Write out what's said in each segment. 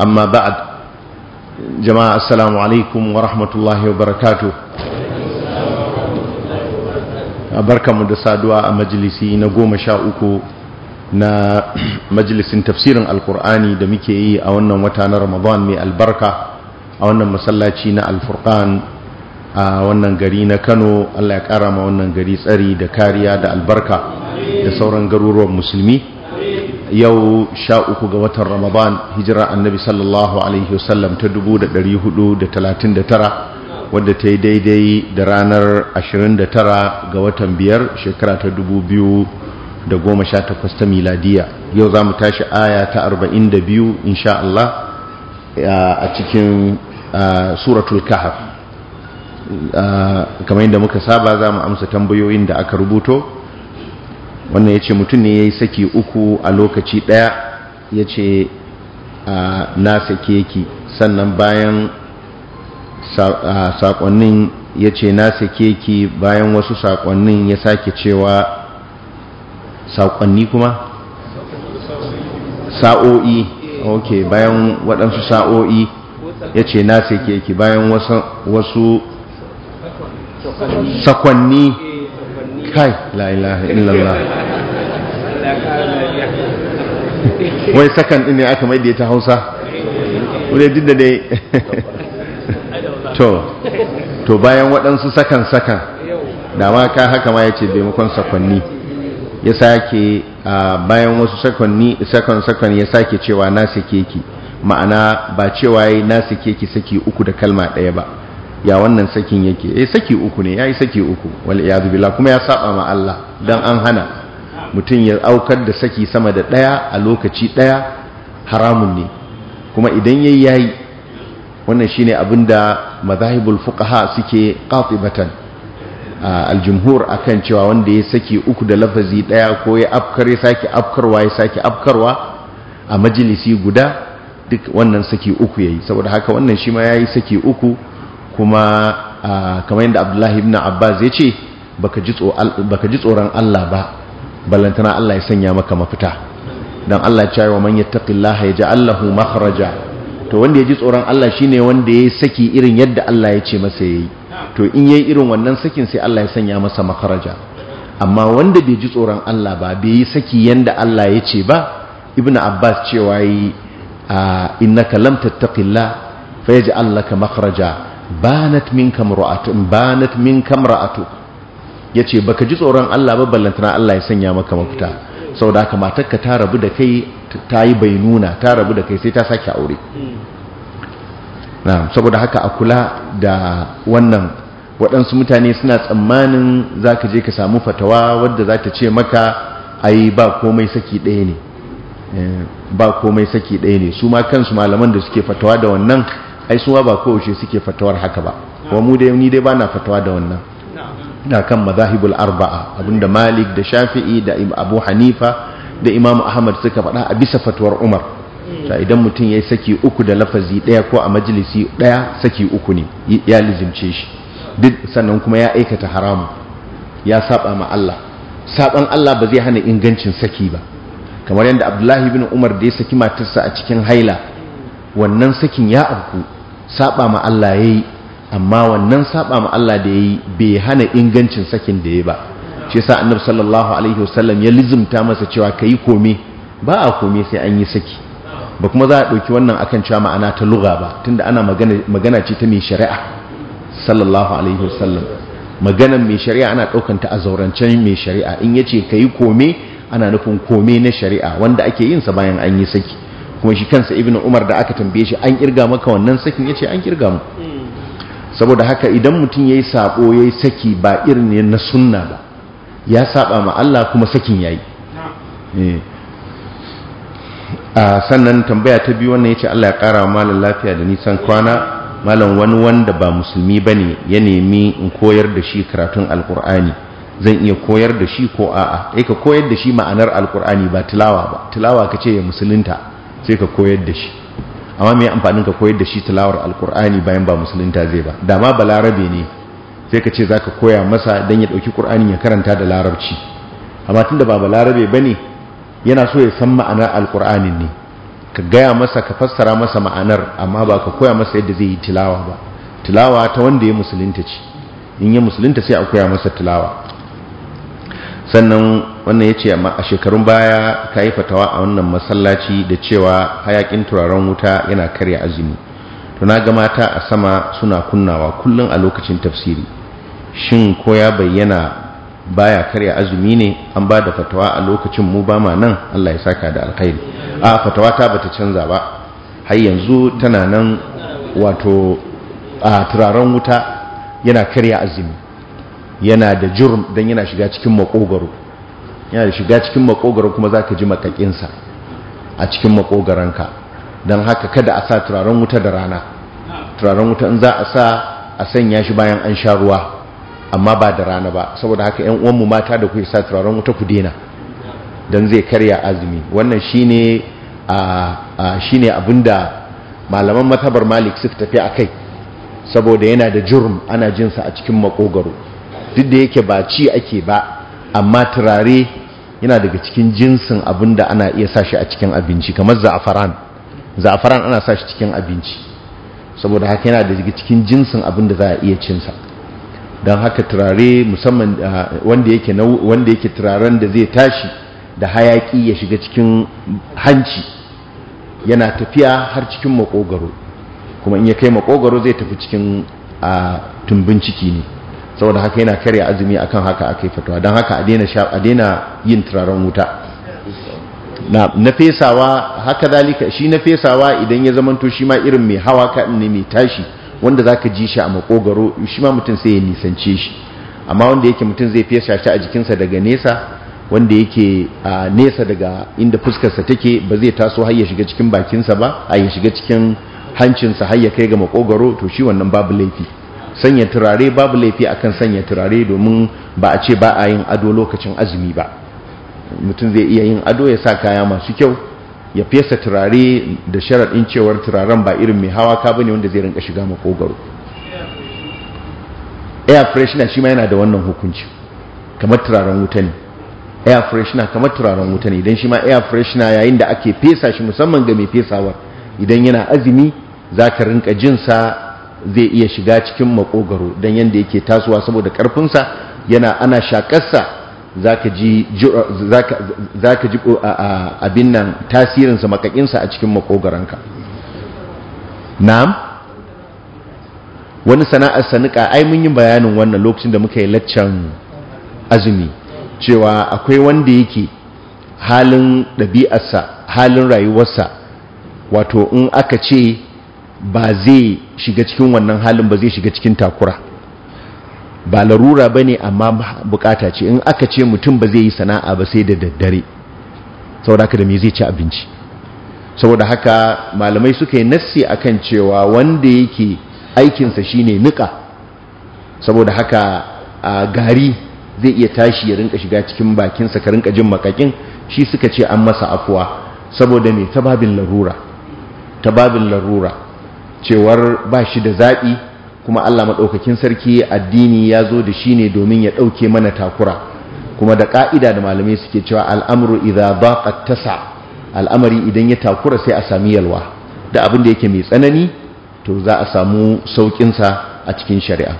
amma ba'ad jama'a assalamu alaikum wa rahmatullahi wa barakatuh mu da saduwa a majlisi na goma sha uku na majalisin tafsirin alkur'ani da muke yi a wannan wata na ramadan mai albarka a wannan masallaci na alfurkan a wannan gari na kano allah ya kara ma wannan gari tsari da kariya da albarka da sauran garuruwan musulmi yau sha uku ga watan ramadan hijira annabi sallallahu alaihi wasallam ta tara wadda ta yi daidai da ranar ashirin 29 ga watan biyar shekara ta goma sha takwas ta miladiya yau za mu tashi aya ta arba'in da 42 insha Allah a cikin suratul kahar kamar yadda muka saba za mu amsa tambayoyin da aka rubuto wannan ya ce mutum ne ya yi saki uku a lokaci ɗaya ya ce na sake ki sannan bayan saƙonnin ya ce na sake ki bayan wasu saƙonnin ya sake cewa saƙonni kuma sa'o'i ok bayan waɗansu sa'o'i ya ce na sake ki bayan wasu sakonni kai la'ilaha illallah wai sakan ɗin ne aka mai da ta hausa wadda duk da dai to bayan waɗansu sakan-sakan da ma ka haka ma ya ce daimakon sakonni ya sake bayan wasu sakonni sakon-sakon ya sake cewa na sake ki ma'ana ba cewa ya na sake ki saki uku da kalma ɗaya ba ya wannan sakin yake ya eh, saki uku ne ya yi saki uku wal ya zubila kuma ya saba ma Allah dan an hana mutum ya aukar da saki sama da ɗaya a lokaci ɗaya haramun ne kuma idan yayi yayi wannan ne abin da mazahibul fukaha suke qatibatan aljumhur kan cewa wanda ya saki uku da lafazi ɗaya ko ya afkar ya sake afkarwa ya sake afkarwa a majalisi guda duk wannan saki uku yayi saboda haka wannan shi ma ya yi saki uku kuma kamar yadda Abdullahi ibn Abbas ya ce baka ji tsoron Allah ba ballantana Allah ya sanya maka mafita dan Allah ya cewa man yattaqillaha yaj'al lahu makhraja to wanda ya ji tsoron Allah shine wanda ya saki irin yadda Allah ya ce masa yayi to in yayi irin wannan sakin sai Allah ya sanya masa makhraja amma wanda bai ji tsoron Allah ba bai yi saki yanda Allah ya ce ba ibnu abbas cewa yi innaka lam tattaqillaha fayaj'al laka makhraja banat minka ra'atun banat minka ra'atuk ya ce baka ji tsoron Allah ba ballantana Allah ya sanya maka mafita sau da haka ka ta rabu da kai ta yi bai nuna ta rabu da kai sai ta sake aure saboda haka a kula da wannan waɗansu mutane suna tsammanin za ka je ka samu fatawa wadda za ta ce maka yi ba komai saki ɗaya ne eh, ba komai saki ɗaya ne su ma kansu malaman da suke fatawa da wannan ai su ma ba kowace suke fatawar haka ba wa mu dai ni dai ba na fatawa da wannan na kan mazahibul arba'a abinda malik da shafi'i da abu hanifa da imam ahmad suka faɗa a bisa fatuwar umar ta idan mutum ya yi saki uku da lafazi ɗaya ko a majalisi ɗaya saki uku ne ya lizimce shi duk sannan kuma ya aikata haramu ya saba ma Allah saban Allah ba zai hana ingancin saki ba kamar yadda abdullahi bin umar da ya saki matarsa a cikin haila wannan sakin ya abku saba ma Allah ya yi amma wannan saba ma Allah da ya yi bai hana ingancin sakin da yi ba shi sa annabi sallallahu alaihi wasallam ya lizumta masa cewa kai kome ba a kome sai an yi saki ba kuma za a ɗauki wannan akan cewa ma'ana ta luga ba tunda ana magana magana ce ta mai shari'a sallallahu alaihi wasallam maganan mai shari'a ana ɗaukanta ta a zaurancen mai shari'a in yace kai kome ana nufin kome na shari'a wanda ake yin sa bayan an yi saki kuma shi kansa ibnu umar da aka tambaye shi an kirga maka wannan sakin yace an kirga mu saboda haka idan mutum ya yi saɓo, ya yi saki ba irin na sunna ba ya saɓa ma Allah kuma sakin yayi eh. a ah, sannan tambaya ta biyu wannan ya ce Allah ya kara malam lafiya da nisan kwana malam wani wanda ba musulmi ba ne ya nemi in koyar da shi karatun alkur'ani zan iya koyar da shi ko a'a ya eh, ka koyar da shi ma'anar alkur'ani ba tilawa ba tilawa ka ce ya musulunta sai ka koyar da shi amma mai amfanin ka koyar da shi tilawar alkur'ani bayan ba musulunta zai ba dama ba larabe ne sai ka ce za ka koya masa don ya ɗauki ƙur'ani ya karanta da larabci amma tun da ba ba larabe ba ne yana so ya san ma'anar alkur'anin ne ka gaya masa ka fassara masa ma'anar amma ba ka koya masa yadda zai yi tilawa ba tilawa ta wanda ya musulunta ce in ya musulunta sai a koya masa tilawa sannan wannan ya ce a shekarun baya ka yi fatawa a wannan masallaci da cewa hayakin turaren wuta yana karya azumi to na ga mata a sama suna kunnawa kullum a lokacin tafsiri shin ko ya bayyana baya karya azumi ne an ba da fatawa a lokacin mu ba ma nan Allah ya saka da alkhairi a fatawa ta bata canza ba har yanzu tana nan wato a turaren wuta yana karya azumi yana da jurm don yana shiga cikin makogaro yana da shiga cikin makogaro kuma za ka ji makakinsa a cikin makogaranka don haka kada a sa turaren wuta da rana turaren wuta in za a sa a sanya shi bayan an sha ruwa amma ba da rana ba saboda haka yan uwanmu mata da ku sa turaren wuta ku dena don zai karya azumi wannan shine a shine abinda malaman matabar malik suka tafi a kai saboda yana da jurm ana jinsa a cikin makogaro duk da yake ba ci ake ba amma turare yana daga cikin jinsin abin da ana iya sashi a cikin abinci kamar za'afaran za'afaran ana sashi cikin abinci saboda haka yana daga cikin jinsin abin da za a iya cinsa don haka turare musamman ah, wanda yake wanda yake turaren da zai tashi da hayaki ya shiga cikin hanci yana tafiya har cikin makogaro kuma in ya kai makogaro zai tafi cikin ah, tumbin ciki ne saboda haka yana karya azumi akan haka aka yi fatuwa don haka a daina yin turaren wuta na fesawa haka zalika shi na fesawa idan ya zamanto shi ma irin mai hawa kaɗin ne mai tashi wanda za ka ji shi a makogaro shi ma mutum sai ya nisance shi amma wanda yake mutum zai fesa shi a jikinsa daga nesa wanda yake a nesa daga inda fuskarsa take ba zai taso har ya shiga cikin bakinsa ba a ya shiga cikin hancinsa har ya kai ga makogaro to shi wannan babu laifi sanya turare babu laifi akan sanya turare domin ba a ce ba a yin ado lokacin azumi ba mutum zai iya yin ado ya sa kaya masu kyau ya fesa turare da sharaɗin cewar turaren ba irin mai hawa ka bane wanda zai rinka shiga makogaro air freshener shi ma yana da wannan hukunci kamar turaren wuta ne air freshener kamar turaren wuta ne idan shi ma air freshener yayin da ake fesa shi musamman ga mai fesawar idan yana azumi za ka rinka jinsa zai iya shiga cikin makogaro don yadda yake tasowa saboda karfinsa yana ana shakarsa za ka ji abin nan tasirinsa makakinsa a cikin makogaranka na'am wani sana'ar sanuka ai mun yi bayanin wannan lokacin da muka yi laccan azumi cewa akwai wanda yake halin ɗabi'arsa halin rayuwarsa wato in aka ce ba zai shiga cikin wannan halin ba zai shiga cikin takura ba larura ba ne amma bukata ce in aka ce mutum ba zai yi sana'a ba sai da daddare saboda haka da mai zai ci abinci saboda haka malamai suka yi nassi a kan cewa wanda yake aikinsa shi ne nika saboda haka a gari zai iya tashi ya rinka shiga cikin bakinsa ka rinka jin makakin shi suka ce an masa afuwa saboda mai babin larura babin larura cewar ba shi da zaɓi kuma Allah maɗaukakin sarki addini ya zo da shi ne domin ya ɗauke mana takura kuma da ƙa'ida da malamai suke cewa al'amuru idan ba tasa al'amari idan ya takura sai a sami yalwa da abin da yake mai tsanani to za a samu sauƙinsa a cikin shari'a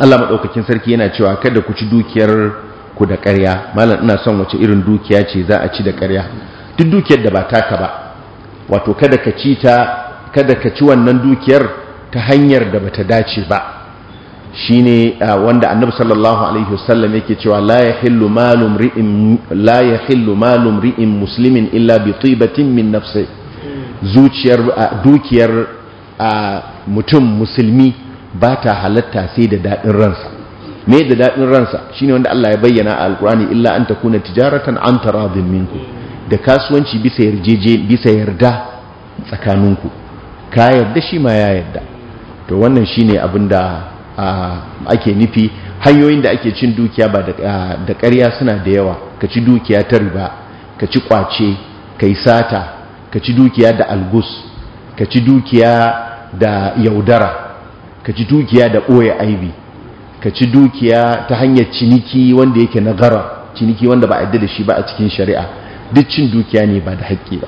Allah maɗaukakin sarki yana cewa kada ku ci dukiyar ku da ƙarya malam ina son wace irin dukiya ce za a ci da ƙarya duk dukiyar da ba taka ba wato kada ka ci ta kada ka ci wannan dukiyar ta hanyar da bata dace ba shine ah, wanda annabi sallallahu alaihi wasallam yake cewa la yahillu malum la yahillu malum ri'in muslimin illa bi tibatin min nafsi zuciyar ah, dukiyar ah, mutum musulmi ba ta halatta sai da daɗin ransa me da daɗin ransa shine wanda Allah ya bayyana a alqur'ani illa an takuna tijaratan an taradin minku da kasuwanci bisa yarda tsakaninku ka yarda shi ma ya yarda to wannan shine abin da ake nufi hanyoyin da ake cin dukiya ba da karya suna da yawa ka ci dukiya ta riba ka ci kwace ka yi sata ka ci dukiya da algus ka ci dukiya da yaudara ka ci dukiya da ɓoye aibi ka ci dukiya ta hanyar ciniki wanda yake na gara ciniki wanda ba a yadda da shi ba a cikin shari'a duk cin dukiya ne ba da haƙƙi ba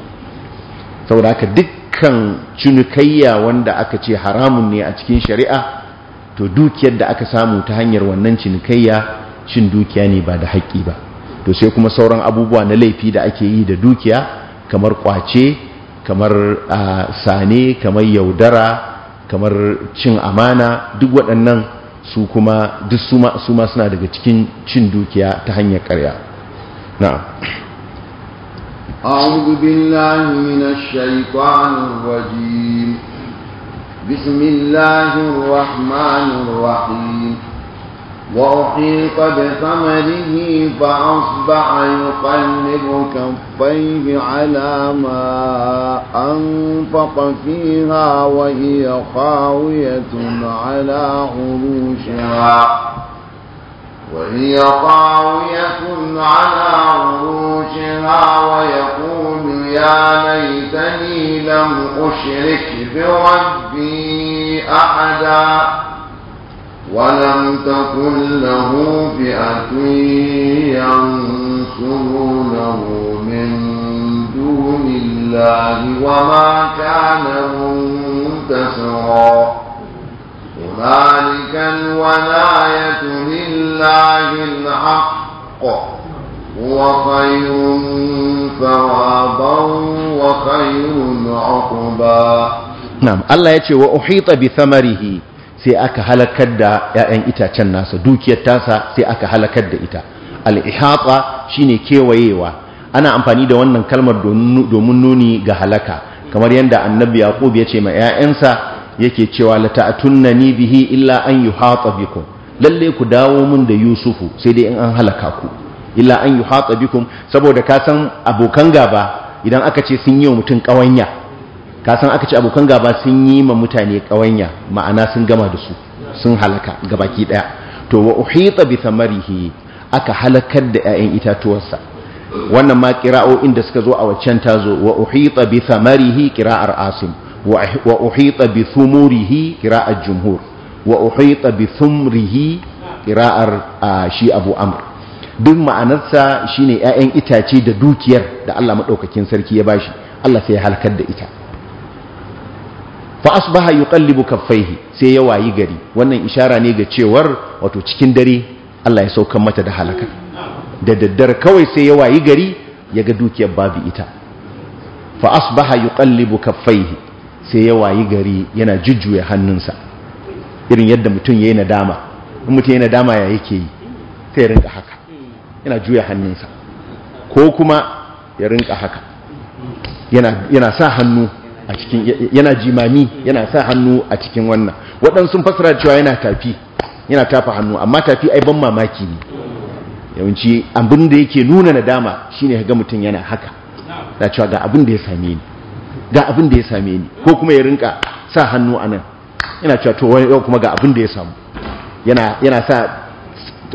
saboda haka duk Kan cinikayya wanda aka ce haramun ne a cikin shari'a to dukiyar da aka samu ta hanyar wannan cinikayya cin dukiya ne ba da haƙƙi ba to sai kuma sauran abubuwa na laifi da ake yi da dukiya kamar kwace kamar sane kamar yaudara kamar cin amana duk waɗannan su kuma duk suma suna daga cikin cin dukiya ta hanyar ƙarya na'am أعوذ بالله من الشيطان الرجيم بسم الله الرحمن الرحيم وأحيط بثمره فأصبح يقلب كفيه على ما أنفق فيها وهي خاوية على عروشها وهي طاوية على عروشها ويقول يا ليتني لم أشرك بربي أحدا ولم تكن له فئة ينصرونه من دون الله وما كان منتصرا ذلك الولاية لله الحق وخير ثوابا وخير عقبا نعم الله يتي وأحيط بثمره sai aka halakar da 'ya'yan itacen nasa dukiyar tasa sai aka halakar da ita al shine kewayewa ana amfani da wannan kalmar domin nuni ga halaka kamar yadda annabi yaqub ya ce ma 'ya'yansa yake cewa la ni bihi illa an yuhata bikum lalle ku dawo mun da yusufu sai dai in an halaka ku illa an yuhata bikum saboda ka san abokan gaba idan aka ce sun yi wa mutum kawanya ka san aka ce abokan gaba sun yi ma mutane kawanya ma'ana sun gama da su sun halaka gabaki daya to wa uhita bi thamarihi aka halakar da 'ya'yan itatuwarsa wannan ma kira'o inda suka zo a waccan tazo wa uhita bi thamarihi kira'ar asim wa uhita bi thumurihi qira'ar jumhur wa uhita bi thumrihi qira'ar shi abu duk ma'anarsa shine 'ya'yan itace da dukiyar da Allah madaukakin sarki ya bashi Allah sai ya halkar da ita fa asbaha yuqallibu kaffaihi sai ya wayi gari wannan ishara ne ga cewar wato cikin dare Allah ya saukar mata da halaka da daddare kawai sai ya wayi gari ya ga dukiyar babu ita fa asbaha yuqallibu kaffaihi sai ya wayi gari yana jujjuya hannunsa irin yadda mutum ya yi nadama in mutum ya yi nadama ya yake yi sai ya rinka haka yana juya hannunsa ko kuma ya rinka haka yana sa hannu a cikin yana jimami yana sa hannu a cikin wannan waɗansu fasara cewa yana tafi yana tafa hannu amma tafi ai ban mamaki ne yawanci abin da yake nuna nadama shine ga mutum yana haka na cewa ga abin da ya same ni ga abin da ya same ni ko kuma ya rinka sa hannu a nan yana cewa to wani yau kuma ga abin da ya samu yana sa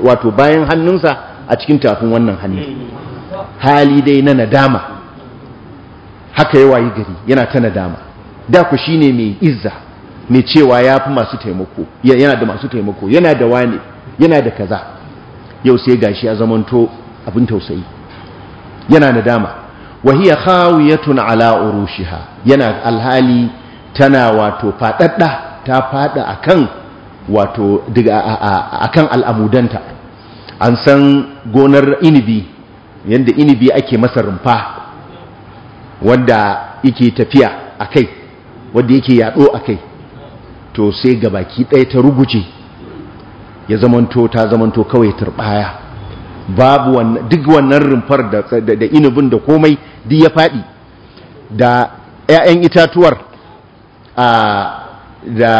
wato bayan hannunsa a cikin tafin wannan hannun hali dai na nadama haka yawa yi gari yana ta nadama da ku ne mai izza mai cewa ya fi masu taimako yana da masu taimako yana da wane yana da kaza yau sai gashi a zamanto abin tausayi yana nadama wa hiya khawiyatun ala urushiha yana alhali tana wato fadadda ta fada akan wato daga akan al'amudanta an san gonar inibi yanda inibi ake masa rumfa wanda yake tafiya akai wanda yake yado akai to sai gabaki ɗaya ta ruguje ya zamanto ta zamanto kawai turbaya babu wannan duk wannan rumfar da inubin da komai duk ya faɗi da 'ya'yan itatuwar da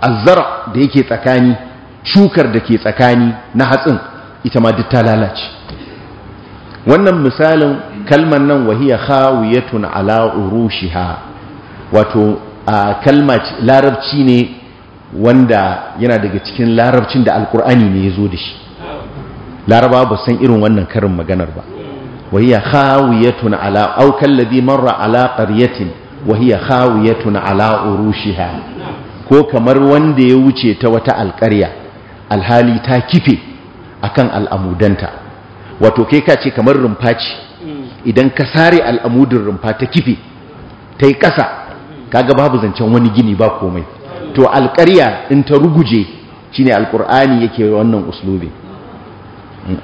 azzara da yake tsakani shukar da ke tsakani na hatsin ita ma duk ta lalace wannan misalin kalmar nan wahiya khawiyatun ala urushiha wato kalma larabci ne wanda yana daga cikin larabcin da alkur'ani ne ya zo da shi laraba ba san irin wannan karin maganar ba wahiya khawiyatun ala aw ladhi marra ala qaryatin wahiya khawiyatun ala urushiha ko kamar wanda ya wuce ta wata alƙarya alhali ta kife akan al'amudanta wato kai ka ce kamar rumfa ci? idan ka sare al'amudin rumfa ta kife ta yi ƙasa kaga babu zancen wani gini ba komai to alƙarya in ta ruguje shine alƙur'ani yake wannan uslubi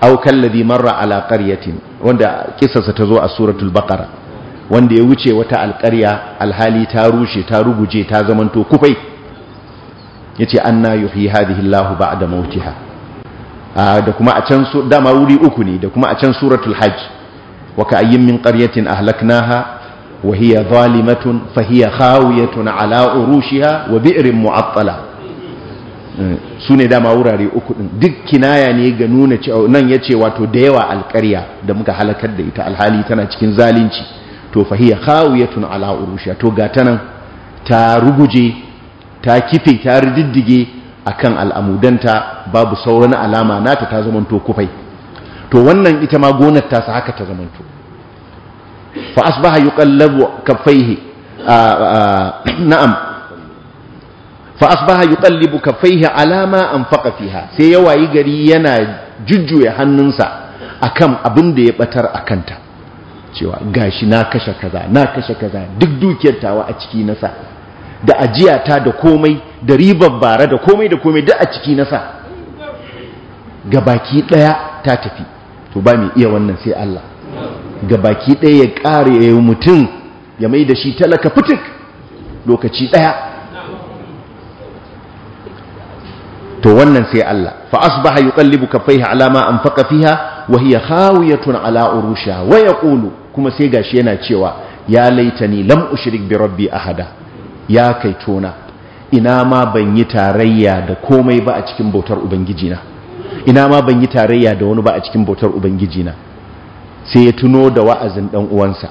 aw kallazi marra ala qaryatin wanda kissarsa ta zo a suratul baqara wanda ya wuce wata alƙarya alhali ta rushe ta ruguje ta zamanto kufai yace anna yuhyi hadhihi Allahu ba'da mautiha da kuma a can su dama wuri uku ne da kuma a can suratul hajj wa ka'ayyin min qaryatin ahlaknaha wa hiya zalimatun fa hiya khawiyatun ala urushiha wa bi'rin mu'attala su ne dama wurare uku ɗin duk kinaya ne ga nuna cewa nan ya ce wato da yawa alƙarya da muka halakar da ita alhali tana cikin zalunci to fahiya khawiyatun ala urushiya to ga ta nan ta ruguje ta kife ta riddige akan al'amudanta babu sauran alama nata ta zamanto kufai to wannan ita ma gonar ta sa haka ta zamanto fa asbaha yuqallabu kaffaihi na'am fa asbaha yuqallibu kaffaihi ala ma anfaqa fiha sai ya wayi gari yana jujjuya hannunsa akan abin da ya batar akanta cewa gashi na kashe kaza na kashe kaza duk dukiyar tawa a ciki nasa da ajiyata da komai da ribar bara da komai da komai duk a ciki nasa gabaki daya ta tafi to ba mai iya wannan sai Allah gabaki daya ya kare ya mutum ya mai da shi talaka fitik lokaci daya to wannan sai Allah fa asbaha yuqallibu kaffaihi ala ma anfaqa fiha wa hiya khawiyatun ala urusha wa yaqulu kuma sai gashi yana cewa ya laitani lam ushrik bi rabbi ahada ya kai tona ina ma ban yi tarayya da komai ba a cikin bautar ubangijina ina ma ban yi tarayya da wani ba a cikin bautar na. sai ya tuno da wa'azin dan uwansa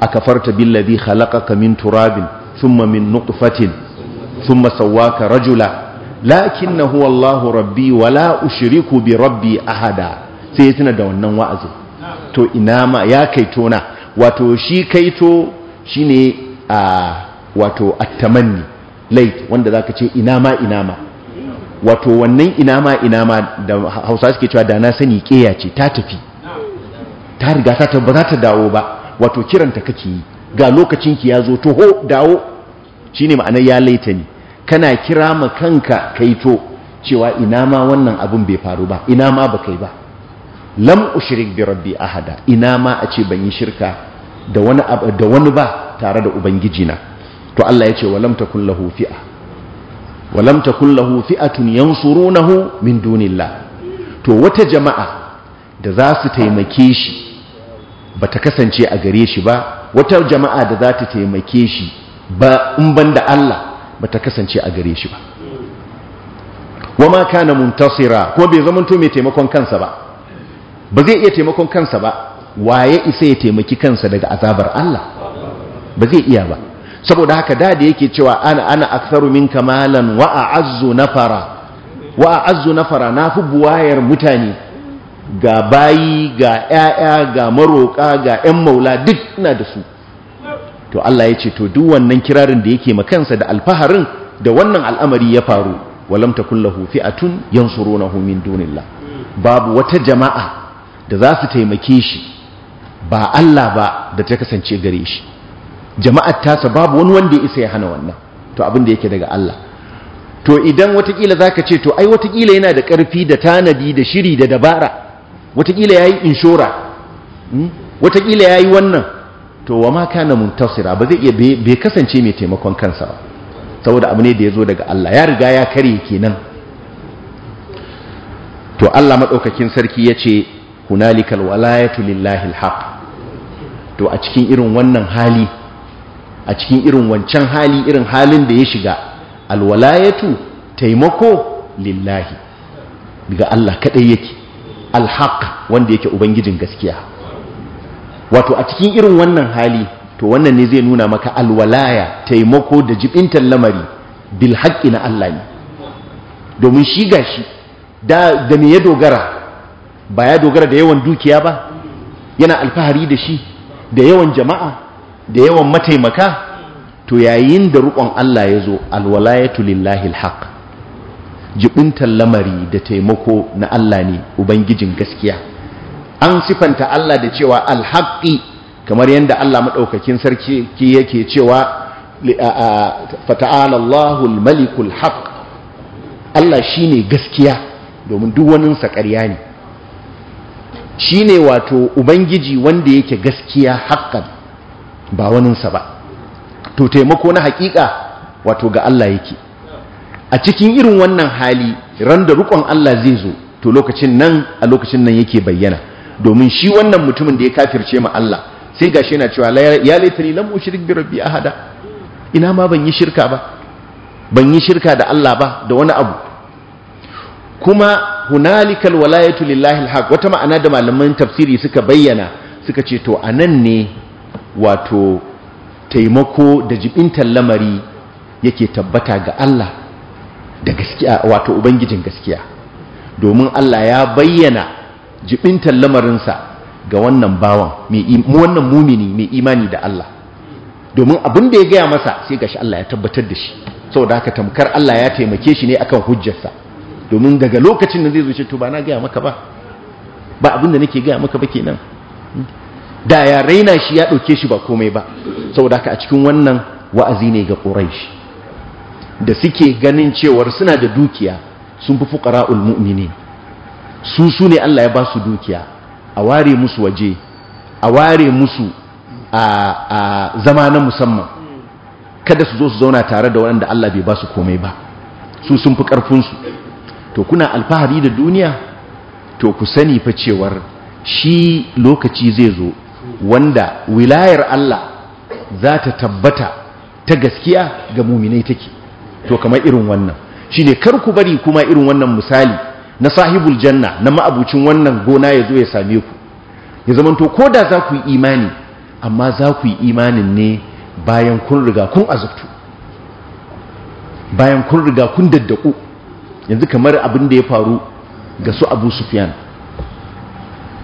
A akafarta billadhi khalaqaka min turabin thumma min nutfatin thumma sawwaka rajula na huwa Allah rabbi wala ushiriku bi rabbi ahada sai ya tuna da wannan wa'azi to ina ma ya kaito na wato shi kaito shine a wato attamanni lait wanda zaka ce ina ma ina ma wato wannan ina ma ina ma da Hausa suke cewa da na sani keya ce ta tafi ta riga ta ba za ta dawo ba wato kiranta kake yi ga lokacin ki ya zo toho dawo shine ma'anar ya laita ni kana kira ma kanka kai to cewa ina ma wannan abin bai faru ba ina ma ba kai ba lam ushrik bi rabbi ahada ina ma a ce ban yi shirka da wani da wani ba tare da ubangiji na to Allah ya ce walam takul lahu fi'a walam takul lahu fi'atun yansurunahu min dunillah to wata jama'a da za su taimake shi ba ta kasance a gare shi ba wata jama'a da za ta taimake shi ba in banda Allah Ba ta kasance a gare shi ba wama kana muntasira ko bai zama mutum mai taimakon kansa ba ba zai iya taimakon kansa ba waye isa ya taimaki kansa daga azabar Allah ba zai iya ba saboda haka da da yake cewa ana ana aktharu minka malan wa a'azzu nafara wa a'azzu nafara nafi buwayar mutane ga bayi ga 'ya'ya, ga maroƙa, ga 'yan maula duk ina da su to Allah ya ce to duk wannan kirarin da yake makansa da alfaharin da wannan al'amari ya faru walam takun lahu fi'atun yansurunahu min dunillah babu wata jama'a da za su taimake shi ba Allah ba da ta kasance gare shi Jama'a tasa babu wani wanda ya isa ya hana wannan to abin da yake daga Allah to idan watakila zaka ce to ai watakila yana da karfi da tanadi da shiri da dabara watakila yayi inshora hmm? watakila yayi wannan to wa ma kana muntasira ba zai iya bai kasance mai taimakon kansa ba saboda abu ne da ya zo daga Allah ya riga ya kare kenan to Allah madaukakin sarki yace ce hunalikal walayatu lillahi alhaq to a cikin irin wannan hali a cikin irin wancan hali irin halin da ya shiga alwalayatu taimako lillahi daga Allah kadai yake alhaq wanda yake ubangijin gaskiya wato a cikin irin wannan hali to wannan ne zai nuna maka alwalaya taimako da jibintar lamari bil haƙƙi na Allah ne domin shi gashi da da me ya dogara ba ya dogara da yawan dukiya ba yana alfahari da shi da yawan jama'a da yawan mataimaka to yayin da rukon Allah ya zo alwalayatu lillahi alhaq jibintar lamari da taimako na Allah ne ubangijin gaskiya an sifanta Allah da cewa alhaƙi kamar yadda Allah maɗaukakin sarki yake cewa fata'ala Allahul malikul haq Allah shi ne gaskiya domin duk wani ƙarya ne Shi ne wato ubangiji wanda yake gaskiya haƙan ba waninsa ba to taimako na haƙiƙa wato ga Allah yake a cikin irin wannan hali randa da rukon Allah zai zo to lokacin nan a lokacin nan yake bayyana domin shi wannan mutumin da ya kafirce ma Allah sai gashi yana cewa ya laitani lam ushrik bi rabbi ahada ina ma ban yi shirka ba ban yi shirka da Allah ba da wani abu kuma hunalikal walayatu lillahi alhaq wata ma'ana da malaman tafsiri suka bayyana suka ce to anan ne wato taimako da jibintan lamari yake tabbata ga Allah da gaskiya wato ubangijin gaskiya domin Allah ya bayyana jibintar lamarinsa ga wannan bawan wannan mumini mai imani da Allah domin abin da ya gaya masa sai gashi Allah ya tabbatar da shi sau da haka tamkar Allah ya taimake shi ne akan hujjarsa domin daga lokacin da zai zuce to ba na gaya maka ba ba abin da nake gaya maka ba kenan da ya raina shi ya ɗauke shi ba komai ba sau da aka a cikin wannan wa'azi ne ga shi, da suke ganin cewar suna da dukiya sun fi fuqara'ul ne. su su ne Allah ya ba su dukiya a ware musu waje a ware musu a zama na musamman kada su zo su zauna tare da waɗanda Allah bai ba su komai ba su sun fi ƙarfinsu to kuna alfahari da duniya to ku sani fa cewar shi lokaci zai zo wanda wilayar Allah za ta tabbata ta gaskiya ga muminai take to kamar irin wannan shi kar ku bari kuma irin wannan misali na sahibul janna na ma'abucin wannan gona ya zo ya same ku ya zamanto ko da za ku yi imani amma za ku yi imanin ne bayan kun riga kun azabtu bayan kun riga kun daddaku yanzu kamar abin da ya faru ga su abu sufiyan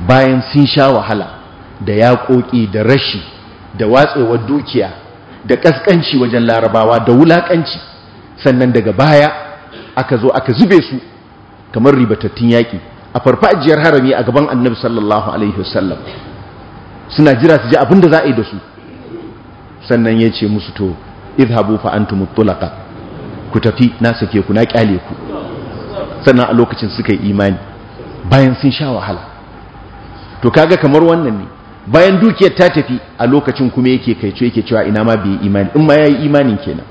bayan sun sha wahala da yaƙoƙi da rashi da watsewar dukiya da ƙasƙanci wajen larabawa da wulaƙanci sannan daga baya aka zo aka zube su kamar ribatattun yaƙi a farfajiyar harami a gaban annabi sallallahu alaihi wasallam suna jira su ji abin da za a yi da su sannan ya ce musu to izhabu fa antum mutlaqa ku tafi na sake ku na kyale ku sannan a lokacin suka yi imani bayan sun sha wahala to kaga kamar wannan ne bayan dukiyar ta tafi a lokacin kuma yake ce yake cewa ina ma bai imani in ma yayi imanin kenan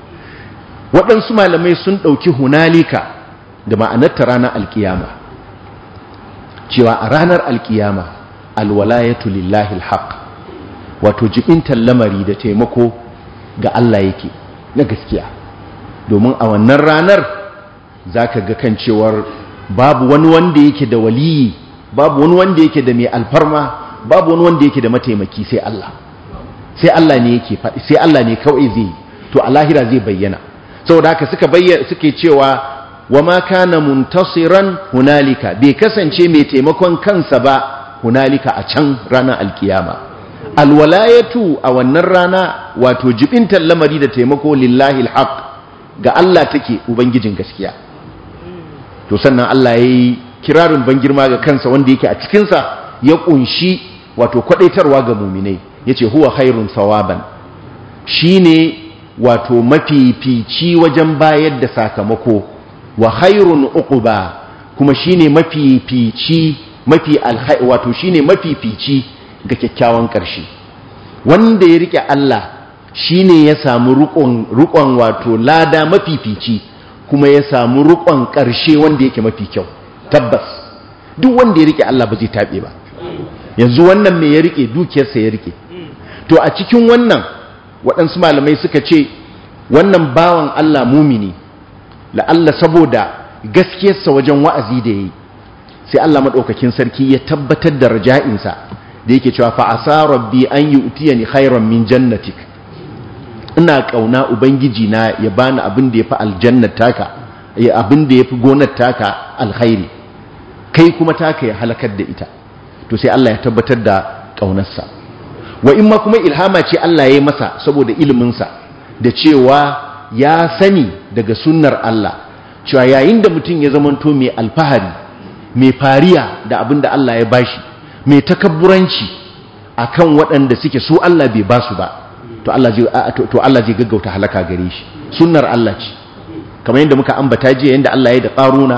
waɗansu malamai sun ɗauki hunalika da ma'anarta ranar alkiyama cewa a ranar alkiyama alwalayatu lillahi alhaq wato jibintan lamari da taimako ga Allah yake na gaskiya domin a wannan ranar za ka ga kan cewa babu wani wanda yake da waliyi babu wani wanda yake da mai alfarma babu wani wanda yake da mataimaki sai Allah sai Allah ne yake sai Allah ne kawai zai to a lahira zai bayyana saboda haka suka suke cewa wa ma kana muntasiran hunalika bai kasance mai taimakon kansa ba hunalika a can rana alkiyama alwalayatu a wannan rana wato jibintar lamari da taimako lillahi alhaq ga Allah take ubangijin gaskiya to sannan Allah yayi kirarin ban girma ga kansa wanda yake a cikin sa ya kunshi wato kwadaitarwa ga mu'minai yace huwa khairun sawaban shine wato mafifici wajen bayar da sakamako wa khairun uquba kuma shine mafi fici mafi alkhai wato shine mafi fici ga kyakkyawan karshe wanda ya rike Allah shine ya samu rukon rukon wato lada mafi fici kuma ya samu rukon karshe wanda yake mafi kyau tabbas duk wanda ya rike Allah ba zai tabe ba yanzu wannan me ya rike dukiyarsa ya rike to a cikin wannan waɗansu malamai suka ce wannan bawan Allah mumini la'alla saboda gaskiyarsa wajen wa'azi da yi, sai Allah madaukakin sarki ya tabbatar da raja'insa da yake cewa fa rabbi an yu'tiyani khairan min jannatik ina ƙauna ubangiji na ya bani abin da yafi taka ya abin da yafi gonar taka alkhairi kai kuma taka ya halakar da ita to sai Allah ya tabbatar da ƙaunarsa. wa in ma kuma ilhama ce Allah ya yi masa saboda iliminsa da cewa ya sani daga sunnar Allah cewa yayin da mutum ya zamanto mai alfahari mai fariya da abin da Allah ya bashi mai takabburanci akan waɗanda suke su Allah bai basu ba to Allah zai to Allah zai gaggauta halaka gare shi sunnar Allah ce kamar yadda muka ambata jiya yadda Allah ya yi da ƙaruna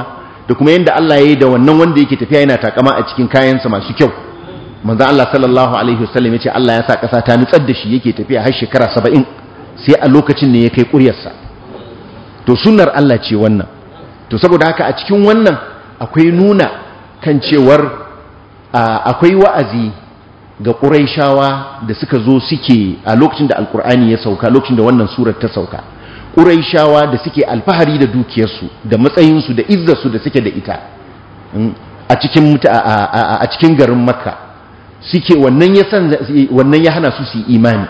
da kuma yadda Allah ya yi da wannan wanda yake tafiya yana takama a cikin kayansa masu kyau manzo Allah sallallahu alaihi wasallam ya ce Allah ya sa ƙasa ta nutsar da shi yake tafiya har shekara saba'in sai a lokacin ne ya kai ƙuryarsa to sunar Allah ce wannan to saboda haka a cikin wannan akwai nuna kan cewar akwai wa'azi ga ƙuraishawa da suka zo suke a lokacin da alƙur'ani ya sauka lokacin da wannan surar ta sauka ƙuraishawa da suke alfahari da dukiyarsu da matsayinsu da izzarsu da suke da ita hmm, a cikin garin makka suke wannan ya hana su su imani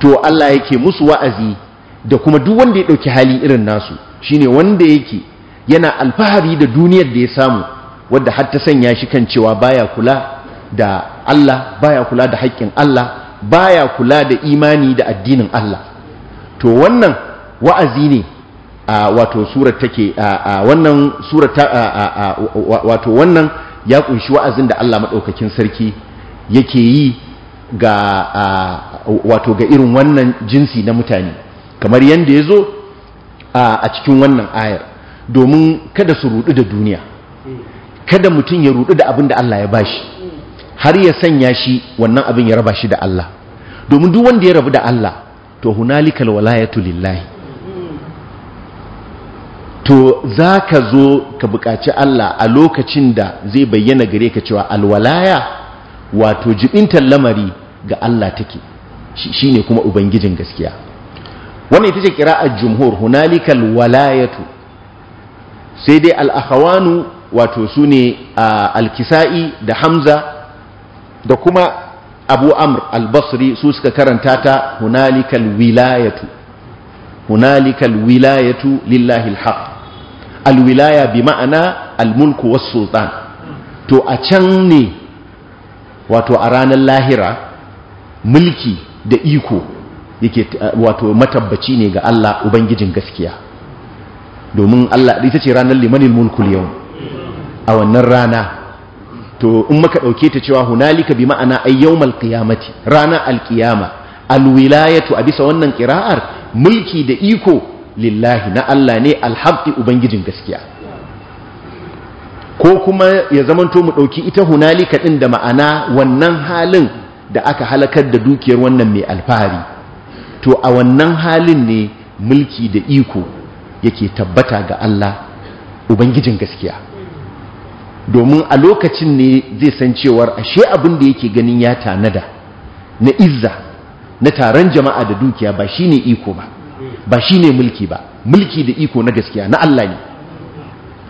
to Allah yake musu wa'azi da kuma duk wanda ya ɗauki hali irin nasu shine wanda yake yana alfahari da duniyar da ya samu wadda har ta sanya shi kan cewa baya kula da Allah baya kula da haƙƙin Allah baya kula da imani da addinin Allah to wannan wa'azi ne a wato surar take wannan surar wato wannan ya ƙunshi wa'azin da Allah madaukakin sarki yake yi ga wato ga irin wannan jinsi na mutane kamar yadda ya zo a cikin wannan ayar domin kada su rudu da duniya kada mutum ya rudu da abin da Allah ya bashi har ya sanya shi wannan abin ya raba shi da Allah domin duk wanda ya rabu da Allah to hunalikal walayatu lillahi to za ka zo ka buƙaci Allah a lokacin da zai bayyana gare ka cewa alwalaya wato jibintar lamari ga Allah take shi ne kuma ubangijin gaskiya wannan ita ce a jumhur hunalikal walayatu sai dai al'akawanu wato su ne alkisa'i da hamza da kuma abu amr albasri su suka karanta ta hunalikal wilayatu hunalikal wilayatu lillahi alhaq alwilaya bi ma'ana almulku wasu sultan to a can ne wato a ranar lahira mulki da iko yake eh, wato matabbaci ne ga Allah ubangijin gaskiya domin Allah ita ce ranar limanin mulkul yau a wannan rana to in maka ɗauke ta cewa hunalika bi ma'ana ay yawmal qiyamati ranar alqiyama alwilayatu a bisa wannan qira'ar mulki da iko lillahi na Allah ne alhaqi ubangijin gaskiya ko kuma ya zamanto mu ɗauki ita hunalika ɗin da ma'ana wannan halin da aka halakar da dukiyar wannan mai alfahari to a wannan halin ne mulki da iko yake tabbata ga Allah ubangijin gaskiya domin a lokacin ne zai san cewa ashe abin da yake ganin ya tanada na izza na taron jama'a da dukiya ba shine iko ba ba shine mulki ba mulki da iko na gaskiya na Allah ne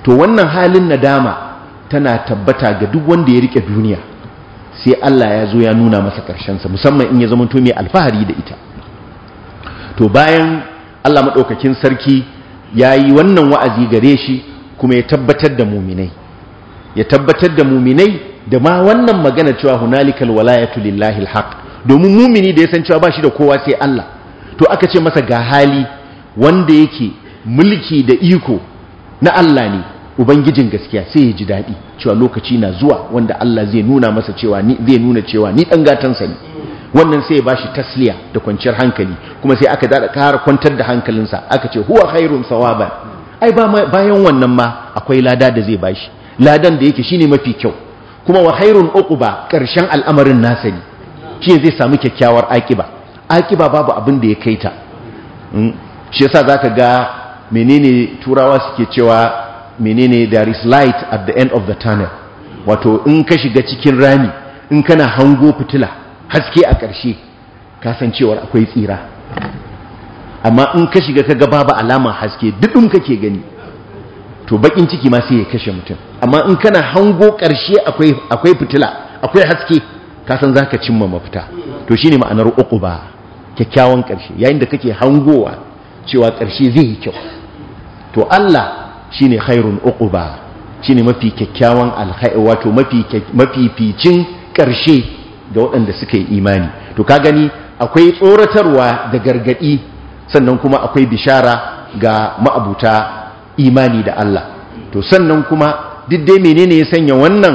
to wannan halin nadama tana tabbata ga duk wanda ya rike duniya sai Allah ya zo ya nuna masa sa musamman in ya zama to mai alfahari da ita to bayan Allah maɗaukakin sarki ya yi wannan wa'azi gare shi kuma ya tabbatar da muminai ya tabbatar da muminai da ma wannan magana cewa hunalikal walayatu lillahi alhaq domin mumini da ya san cewa ba shi da kowa sai Allah to aka ce masa ga hali wanda yake mulki da iko na Allah ne ubangijin gaskiya sai ya ji daɗi cewa lokaci na zuwa wanda Allah zai nuna masa cewa ni zai nuna cewa ni dan gatansa ne wannan sai ya bashi tasliya da kwanciyar hankali kuma sai aka dada kara kwantar da hankalinsa aka ce huwa khairun sawaban ai ba bayan wannan ma akwai lada da zai bashi ladan da yake shine mafi kyau kuma wa khairun uquba karshen al'amarin nasa ne shi zai samu kyakkyawar akiba akiba babu abin da ya kaita hmm. shi yasa zaka ga menene turawa suke cewa menene there is light at the end of the tunnel wato in ka shiga cikin rami in kana hango fitila haske a ƙarshe kasancewar akwai tsira amma in ka shiga ka gaba ba alama haske duɗin kake gani to bakin ciki ma sai ya kashe mutum amma in kana hango ƙarshe akwai fitila akwai haske kasan za ka cimma mafita to shi ne ma'anar uku ba kyakkyawan ƙarshe yayin da kake hangowa cewa ƙarshe zai yi kyau to Allah Shi shine khairun shi ne mafi kyakkyawan alkhair wato mafi mafificin ƙarshe, ga waɗanda suka yi imani to ka gani akwai tsoratarwa da gargaɗi sannan kuma akwai bishara ga ma'abuta imani da Allah to sannan kuma duk dai menene ya sanya wannan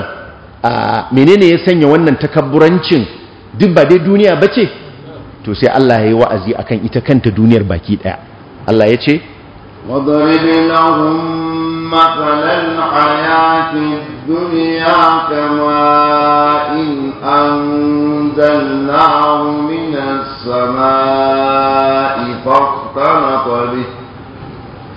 menene ya sanya wannan takabburancin duk ba dai duniya bace to sai Allah ya yi wa'azi akan ita kanta duniyar baki daya Allah ya ce واضرب لهم مثل الحياة الدنيا كماء إن أنزلناه من السماء فاختلط به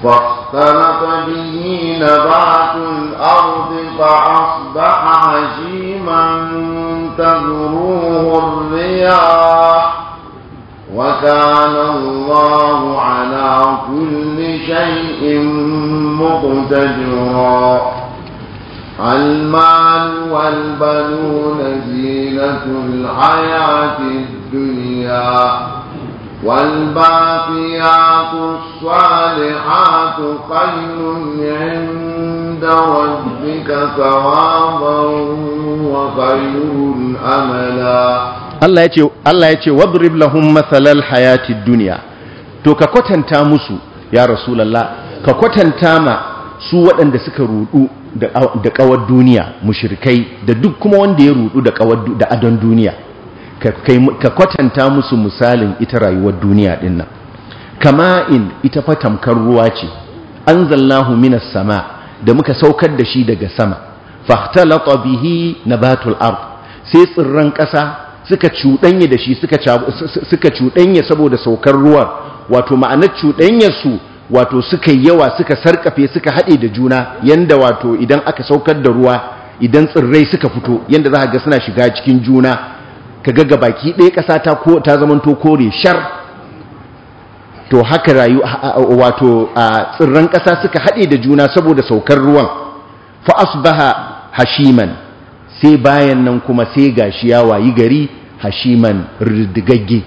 فاختلط به نبات الأرض فأصبح هشيما تذروه الرياح وكان الله على كل شيء مقتدرا المال والبنون زينة الحياة الدنيا والباقيات الصالحات خير عند ربك ثوابا وخير أملا Allah ya ce Allah ya ce wadrib lahum hayatid dunya to ka kwatanta musu ya rasulullah ka kwatanta ma su waɗanda suka rudu da kawar duniya mushrikai da duk kuma wanda ya rudu da kawar da adon duniya ka kwatanta musu misalin ita rayuwar duniya din nan kama in ita fa tamkar ruwa ce Anzallahu minas sama da muka saukar da shi daga sama fahtalata bihi nabatul ard sai tsirran ƙasa suka cuɗanya da shi suka cuɗanya saboda saukar ruwan wato ma'anar cuɗanyarsu wato suka yawa suka sarƙafe suka haɗe da juna yanda wato idan aka saukar da ruwa idan tsirrai suka fito yanda za ga suna shiga cikin juna ka ga baki ɗaya ƙasa ta ko ta zamanto kore shar to haka rayu wato a tsirran ƙasa suka haɗe da juna saboda saukar ruwan fa asbaha hashiman sai bayan nan kuma sai ga shi ya wayi gari hashiman riddigagge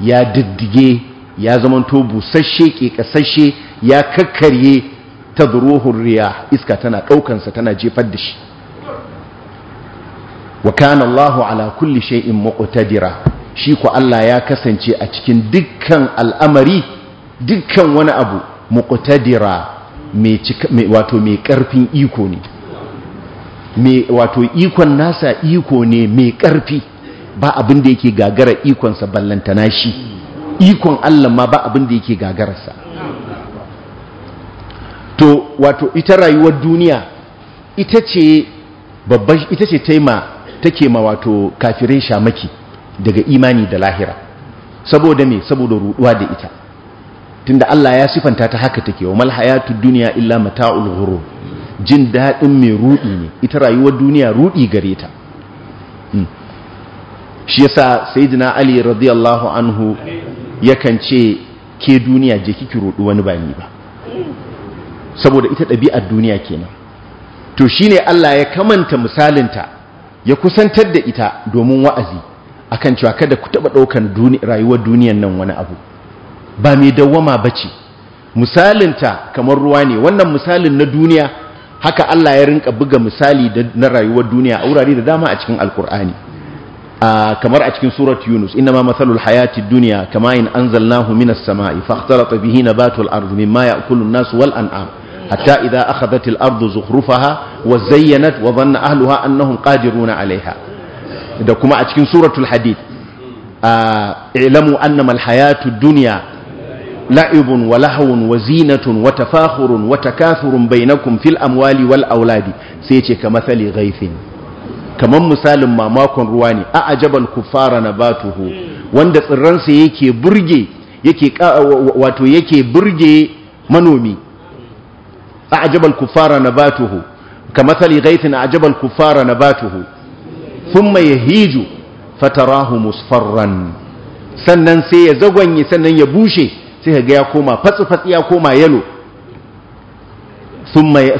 ya diddige ya zama to busasshe kasashe ya kakkarye tadruhur riya. iska tana ɗaukansa tana jefar da shi wa kana Allahu ala kulli shay'in muqtadira shi ku Allah ya kasance a cikin dukkan al'amari dukkan wani abu muqtadira mai wato mai ƙarfin iko ne wato ikon nasa iko ne mai ƙarfi ba abin da yake gagara ikonsa ballantana shi ikon Allah ma ba abin da yake gagararsa to wato ita rayuwar duniya ita ce babban ita ce taima take ma wato kafirai shamaki daga imani da lahira saboda me saboda ruduwa da ita tunda Allah ya sifanta ta haka take wa mal hayatud duniya illa mata'ul ghurur jin daɗin mai ruɗi ne ita rayuwar duniya ruɗi gare ta hmm. shi yasa sayyidina ali radiyallahu anhu yakan ce ke duniya je kiki ruɗu wani ba ni ba saboda ita ɗabi'ar duniya kenan to shine Allah ya kamanta misalinta ya kusantar da ita domin wa'azi akan cewa kada ku taɓa ɗaukan rayuwar duniyan nan wani abu ba mai dawwama bace misalinta kamar ruwa ne wannan misalin na duniya haka Allah ya rinka buga misali na rayuwar duniya a wurare da dama a cikin alkur'ani kamar a cikin surat yunus inna ma matsalul hayati duniya kama in anzalnahu minas sama'i fakhtalata bihi nabatul min mimma ya'kulu an-nasu wal an'am hatta idan aka al-ardu zukhrufaha wa zayyanat wa dhanna ahluha annahum qadiruna 'alayha da kuma a cikin suratul hadid ilamu annama al-hayatu duniya la'ibun wa lahawun wa zinatun wa tafakhurun wa takathurun bainakum fil amwali wal auladi sai ce ka kaman misalin mamakon ruwa ne a ajabal kuffara nabatuhu wanda tsirransa yake burge yake wato yake burge manomi a ajabal kuffara nabatuhu ka mathali ghaithin a ajabal kuffara nabatuhu thumma hiju. fatarahu musfarran sannan sai ya zagwanye sannan ya bushe sai ga ya koma fatsi-fatsi ya koma yalo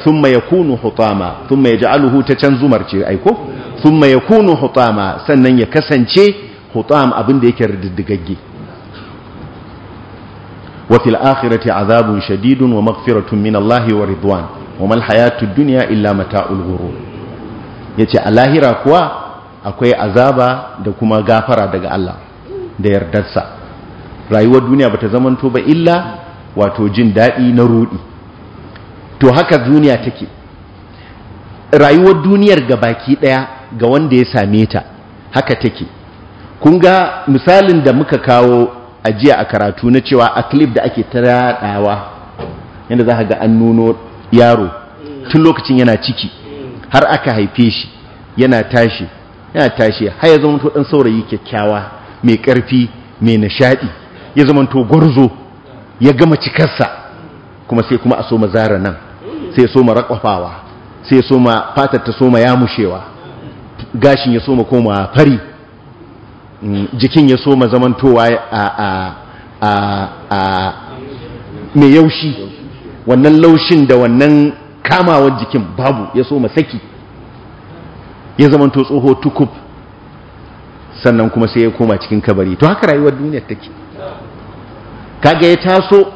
sun ma ya kunu hutama sun ma ya ta can zumar ce aiko sun ma ya kunu hutama sannan ya kasance hutam abinda yake azabun shadidun wa عذاب min Allahi wa ridwan wa wa الحياة الدنيا illa متاع الغرور yace a lahira kuwa akwai azaba da kuma gafara daga Allah da yardarsa rayuwar duniya bata zamanto ba illa wato jin daɗi na ruɗi, to haka duniya take rayuwar duniyar ga baki ɗaya ga wanda ya same ta haka take kun ga misalin da muka kawo a jiya a karatu na cewa a clip da ake taraɗawa yadda za ga an nuno yaro tun lokacin yana ciki har aka haife shi yana tashi yana tashi har ya zama to ɗan saurayi kyakkyawa mai ƙarfi mai nishaɗi ya zamanto gwarzo ya gama cikarsa kuma sai kuma a soma zara nan sai ya soma rakwafawa sai ya soma fatar ta soma yamushewa gashin ya soma koma fari mm, jikin ya soma zamantowa a mai yaushi wannan laushin da wannan kamawar jikin babu ya soma saki ya zamanto tsoho tukub sannan kuma sai ya koma cikin kabari to haka rayuwar duniyar take kaga ya taso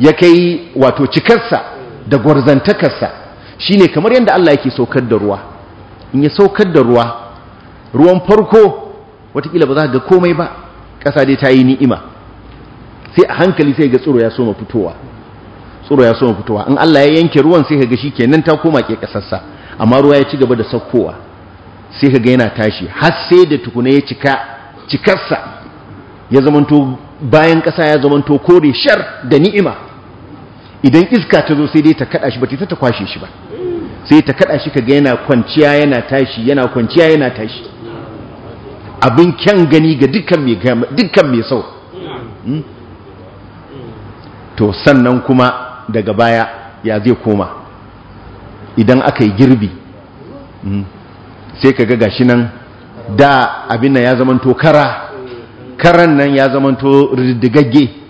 ya kai wato cikarsa da gwarzantakarsa ne kamar yadda Allah yake saukar da ruwa in ya saukar da ruwa ruwan farko watakila ba za ga komai ba ƙasa dai ta yi ni'ima sai a hankali sai ga tsoro ya soma fitowa tsoro ya soma fitowa in Allah ya yanke ruwan sai kaga ga shi kenan ta koma ke ƙasarsa amma ruwa ya ci gaba da saukowa sai ga yana tashi har sai da tukuna ya cika cikarsa ya zamanto bayan ƙasa ya zamanto kore shar da ni'ima idan iska ta zo sai dai ta kada shi ba ta ta kwashe shi ba sai ta kada shi kaga yana kwanciya yana tashi yana kwanciya yana tashi abin kyan gani ga dukkan mai dukkan mai sau hmm? to sannan kuma daga baya ya zai koma idan aka yi girbi hmm, sai kaga gashi nan da abin nan ya zamanto kara karan nan ya zamanto riddigagge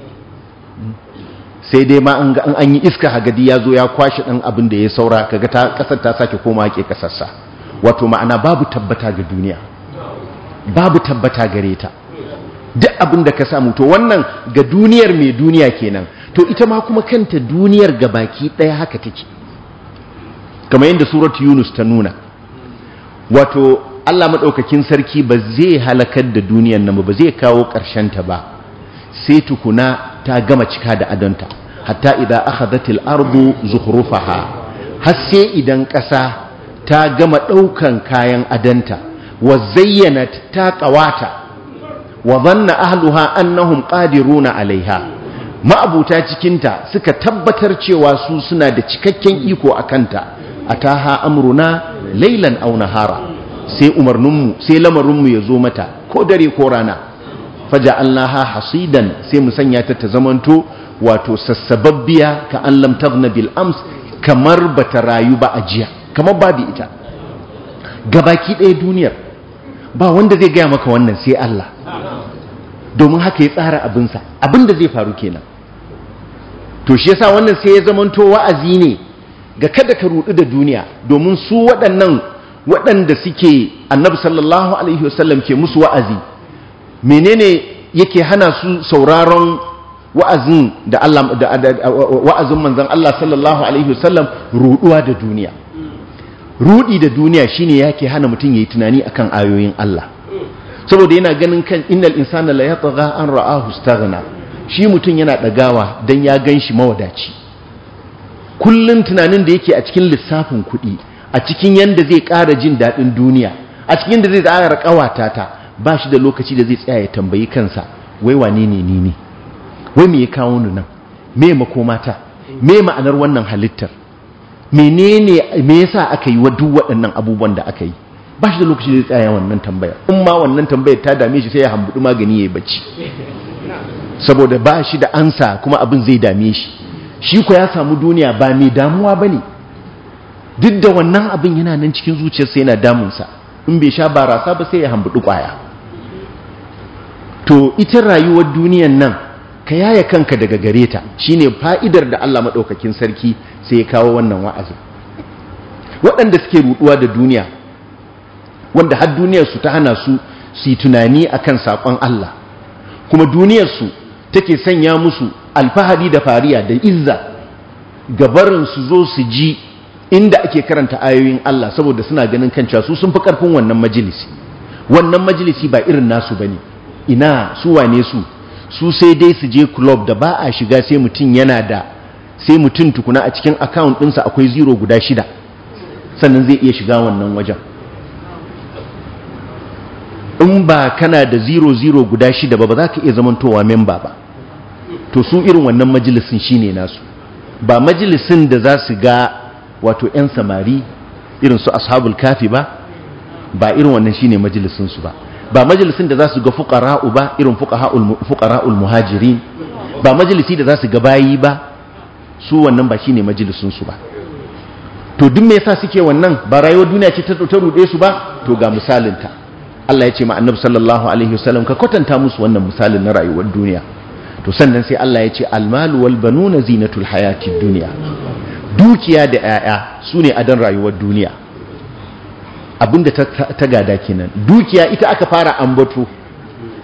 sai dai ma an an yi iska hagadi ya zo ya kwashi ɗan abin da ya saura kaga ta kasar ta sake koma ke kasarsa wato ma'ana babu tabbata ga duniya babu tabbata gare ta duk abin da ka samu to wannan ga duniyar mai duniya kenan to ita ma kuma kanta duniyar ga baki ɗaya haka take kamar yadda surat yunus ta nuna wato Allah maɗaukakin sarki ba zai halakar da duniyan nan ba zai kawo ta ba sai tukuna ta gama cika da adonta hatta idan aka zatil ardu ha. har sai idan ƙasa ta gama ɗaukan kayan adonta wa zayyana ta ƙawata wa zanna ahluha annahum qadiruna alaiha ma'abuta cikinta suka tabbatar cewa su suna da cikakken iko a kanta a taha amuruna lailan aunahara sai umarninmu sai lamarinmu ya zo mata ko dare ko rana faja allaha hasidan sai mu sanya ta ta zamanto wato sassababbiya ka an lam tagna bil ams kamar bata rayu ba a jiya kamar babu ita Ga baki ɗaya duniyar ba wanda zai gaya maka wannan sai Allah domin haka ya tsara abinsa abin da zai faru kenan to shi yasa wannan sai ya zamanto wa'azi ne ga kada ka rudu da duniya domin su waɗannan waɗanda suke annabi sallallahu alaihi wasallam ke musu wa'azi menene yake hana su sauraron wa'azin da Allah da wa'azin manzon Allah sallallahu alaihi wasallam ruduwa da duniya rudi da duniya shine yake hana mutum yayi tunani akan ayoyin Allah saboda yana ganin kan innal insana la yatgha an ra'ahu istaghna shi mutum yana dagawa dan ya ganshi mawadaci kullun tunanin da yake a cikin lissafin kuɗi a cikin yadda zai ƙara jin daɗin duniya a cikin yadda zai ƙara ƙawata ta ba shi da lokaci da zai tsaya ya tambayi kansa wai wane ne ni ne wai me ya kawo ni nan me makomata me ma'anar wannan halittar menene me yasa aka yi duk waɗannan abubuwan da aka yi ba shi da lokaci da tsaya wannan tambaya in ma wannan tambayar ta dame shi sai ya hambudu magani ya yi bacci saboda ba shi da ansa kuma abin zai dame shi shi ko ya samu duniya ba mai damuwa ba ne. duk da wannan abin yana nan cikin zuciyarsa yana damunsa in bai sha barasa ba sai ya hambudu kwaya to ita rayuwar duniyan nan ka yaya kanka daga gare ta shine fa'idar da Allah maɗaukakin sarki sai ya kawo wannan wa'azi. waɗanda suke ruɗuwa da duniya wanda har duniyarsu ta hana su su yi tunani kan saƙon Allah kuma duniyarsu take sanya musu alfahari da fariya da izza gabarin su zo su ji inda ake karanta ayoyin Allah saboda suna ganin kan su sun fi karfin wannan majalisi wannan majalisi ba irin nasu bane ina su wane su su sai dai su je club da ba a shiga sai mutum yana da sai mutum tukuna a cikin account ɗinsa akwai zero guda shida sannan zai iya shiga wannan wajen in ba kana da zero zero guda shida ba ba za ka iya zamantowa memba ba to su irin wannan majalisin shine nasu ba majalisin da za su ga wato 'yan samari irin su ashabul kafi ba ba irin wannan shine ne su ba ba majalisin da za su ga fuqara'u ba irin fuqara'ul muhajirin ba majalisi da za su ga bayi ba su wannan ba shine ne su ba to duk me yasa suke wannan ba rayuwar duniya ce ta ta su ba to ga misalinta Allah ya ce ma annabi sallallahu alaihi wasallam ka kwatanta musu wannan misalin na rayuwar duniya to sannan sai Allah ya ce almalu wal banuna zinatul hayatid dunya dukiya da 'ya'ya su ne adon rayuwar duniya abinda ta gada kenan dukiya ita aka fara ambato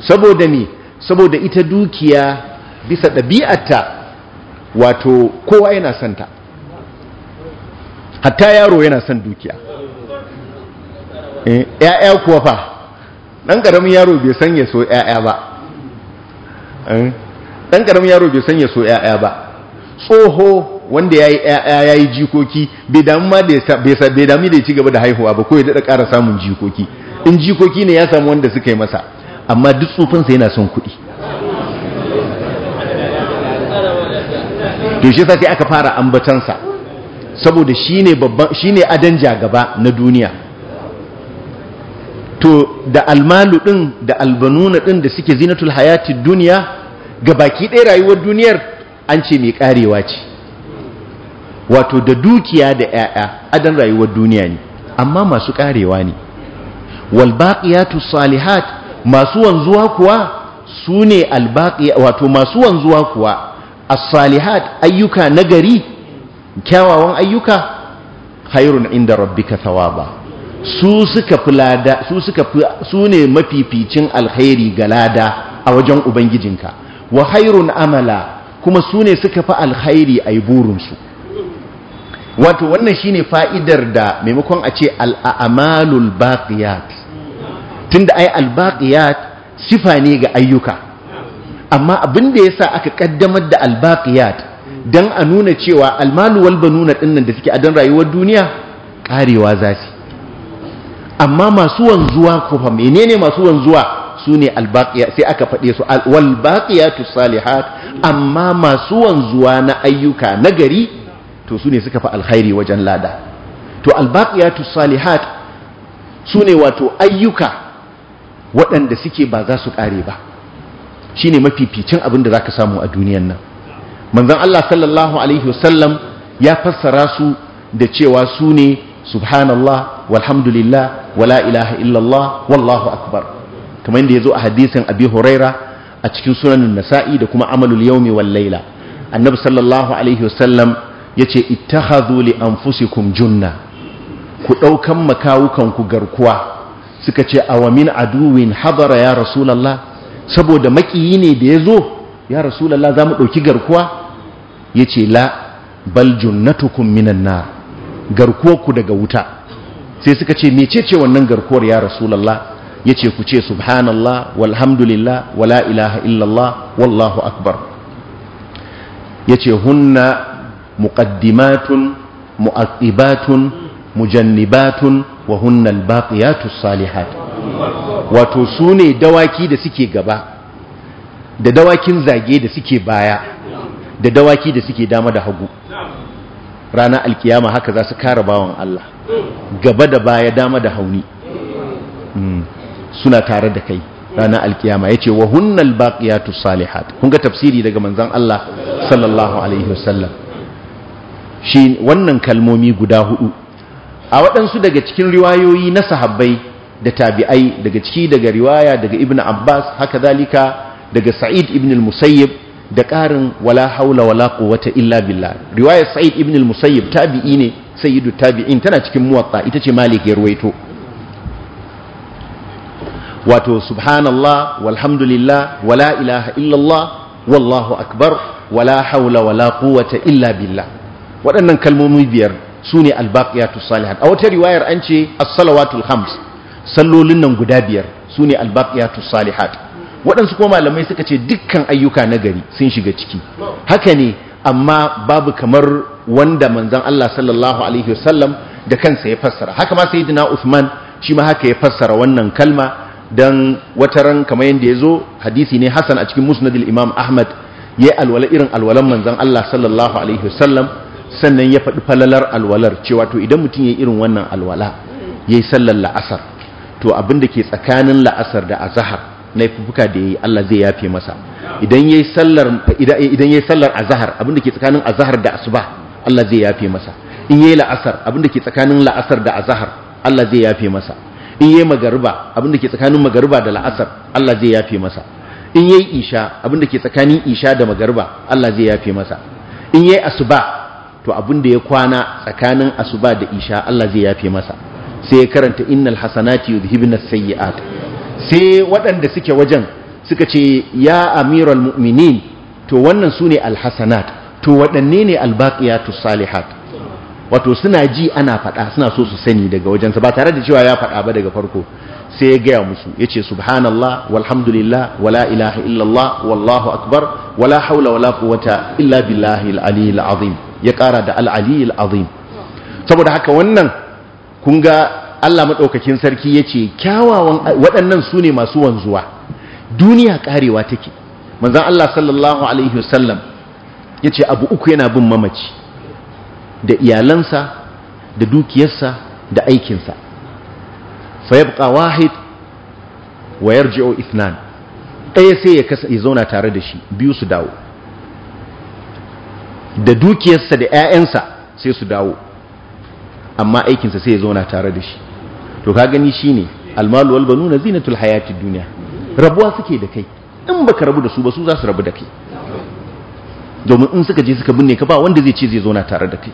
saboda ne? saboda ita dukiya bisa ɗabi'arta wato kowa yana santa hatta yaro yana son dukiya ‘ya'ya eh, kuwa fa ɗan ƙaramin yaro bai san ya so ‘ya'ya ba eh, ɗan ƙaramin yaro bai san ya so ‘ya'ya ba tsoho wanda ya yi ya yi jikoki bai damu ma da bai da ya ci gaba da haihuwa ba ko ya daɗa ƙara samun jikoki in jikoki ne ya samu wanda suka yi masa amma duk tsufansa yana son kuɗi to shi sai aka fara ambatansa saboda shine babban shine adan jagaba na duniya to da almalu din da albanuna din da suke zinatul hayatid duniya ga baki ɗaya rayuwar duniyar an ce mai karewa ce wato da dukiya da 'ya'ya adan rayuwar duniya ne amma masu ƙarewa ne wal baqiyatu salihat masu wanzuwa kuwa sune al wato masu wanzuwa kuwa as-salihat ayyuka nagari kyawawan ayyuka khairun inda rabbika thawaba su suka fi su suka su ne mafificin alkhairi ga lada a wajen ubangijinka wa khairun amala kuma su ne suka fi alkhairi ay burinsu wato wannan shine fa'idar da maimakon a ce al'amalul baqiyat tunda ai al baqiyat sifa ne ga ayyuka amma abin da yasa aka kaddamar da al baqiyat dan a nuna cewa al malu wal banuna dinnan da suke a dan rayuwar duniya karewa za su amma masu wanzuwa ko fa menene masu wanzuwa sune al baqiyat sai aka fade su wal baqiyatus salihat amma masu wanzuwa na ayyuka na gari to su ne suka fi alkhairi wajen lada to albaqiyatu salihat su ne wato ayyuka waɗanda suke ba za su ƙare ba shi ne mafificin abin da za ka samu a duniyan nan manzan Allah sallallahu alaihi wasallam ya fassara su da cewa su ne subhanallah walhamdulillah wala ilaha illallah wallahu akbar kamar yadda ya zo a hadisin abi huraira a cikin sunanin nasa'i da kuma amalul yaumi wal laila annabi sallallahu alaihi wasallam yace an li anfusikum junna ku ɗaukan makawukan ku garkuwa suka ce awamin aduwin habara ya rasulallah saboda makiyi ne da ya zo ya rasulallah za mu ɗauki garkuwa yace la bal minan nar garkuwarku daga wuta sai suka ce mecece wannan garkuwar ya ya yace ku ce subhanallah walhamdulillah wala ilaha illallah wallahu akbar yace hunna muqaddimatun mu'aqibatun mujannibatun wa hunna albaqiyatus salihat wato sune dawaki da suke gaba da dawakin zage da suke baya da dawaki da suke dama da hagu rana alkiyama haka za su kara bawan Allah gaba da baya dama da hauni suna tare da kai ranar alkiyama ya ce wa hunnal baqiyatus salihat kun ga tafsiri daga manzan Allah sallallahu alaihi wasallam shi wannan kalmomi guda hudu a waɗansu daga cikin riwayoyi na sahabbai da tabi'ai daga ciki daga riwaya daga ibn abbas haka zalika daga sa'id ibn al-musayyib da ƙarin wala haula wala quwwata illa billah riwayar sa'id ibn al-musayyib tabi'i ne sayyidu tabi'in tana cikin muwatta ita ce malik ya ruwaito wato subhanallah walhamdulillah wala ilaha illallah wallahu akbar wala haula wala quwwata illa billa. waɗannan kalmomi biyar su ne albaƙiyatu salihat a wata riwayar an ce as-salawatul sallolin nan guda biyar su ne albaƙiyatu salihat waɗansu kuma malamai suka ce dukkan ayyuka na gari sun shiga ciki haka ne amma babu kamar wanda manzan Allah sallallahu alaihi wasallam da kansa ya fassara haka ma sayyidina Uthman shi ma haka ya fassara wannan kalma dan wataran kamar ya zo hadisi ne Hassan a cikin Musnad al-Imam Ahmad ya alwala irin alwalan manzan Allah sallallahu alaihi wasallam sannan ya faɗi falalar alwalar cewa to idan mutum ya irin wannan alwala ya yi sallar la'asar to abin da ke tsakanin la'asar da azahar na fufuka da ya yi Allah zai yafe masa idan ya yi sallar azahar abin da ke tsakanin azahar da asuba Allah zai yafe masa in ya yi la'asar abin da ke tsakanin la'asar da azahar Allah zai yafe masa in ya yi magariba abin da ke tsakanin magariba da la'asar Allah zai yafe masa in yi isha abinda ke tsakanin isha da magarba Allah zai yafe masa in yayi asuba to abin da ya kwana tsakanin asuba da isha Allah zai yafe masa sai ya karanta innal hasanati yudhibna sayyi'at sai waɗanda suke wajen suka ce ya amiral mu'minin to wannan sune alhasanat to waɗanne ne albaqiyatus salihat wato suna ji ana faɗa suna so su sani daga sa ba tare da cewa ya faɗa ba daga farko sai ya gaya musu ya ce subhanallah walhamdulillah wala ilaha illallah wallahu akbar wala haula wala quwwata illa billahi al azim ya ƙara da al’aliyyar azim saboda haka wannan kun ga Allah maɗaukakin sarki ya ce kyawawan waɗannan su ne masu wanzuwa duniya ƙarewa take manzan Allah sallallahu alaihi wasallam ya ce abu uku yana bin mamaci da iyalansa da dukiyarsa da aikinsa Fayabka wahid wa yarji'u ithnan ɗaya sai ya zauna tare da shi biyu su dawo da dukiyarsa da 'ya'yansa sai su dawo amma aikinsa sai ya zauna tare da shi to ka gani shi ne almalu wal banuna zinatul hayatid duniya rabuwa suke da kai in baka rabu da su ba su za su rabu da kai domin in suka je suka binne ka ba wanda zai ce zai zauna tare da kai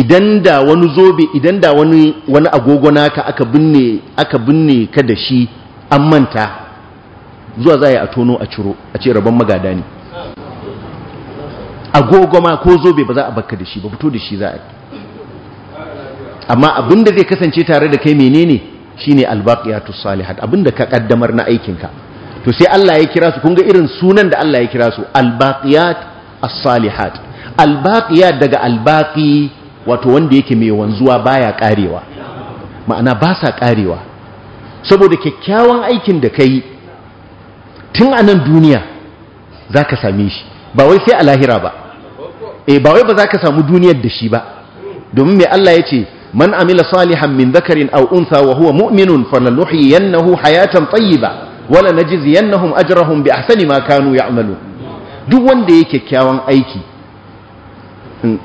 idan da wani zobe idan da wani wani agogo naka aka binne ka da shi an manta zuwa za a tono a ciro a ce rabon magada ne agogoma ko zobe ba za a bakka da shi ba fito da shi za a yi amma abinda zai kasance tare da kai menene shine albaqiyatu salihat abinda ka kaddamar na aikin ka to sai Allah ya kira su kun ga irin sunan da Allah ya kira su albaqiyat as-salihat albaqiya daga albaqi wato wanda yake mai wanzuwa baya karewa ma'ana ba sa karewa saboda kyakkyawan aikin da kai tun a nan duniya zaka same shi ba wai sai a lahira ba eh ba wai ba za ka samu duniyar da shi ba domin mai Allah ya ce man amila salihan min zakarin au unsa wa huwa mu'minun yannahu hayatan ba wala najziyannahum ajrahum bi ahsani ma kanu ya'malun duk wanda ya kyakkyawan aiki mm,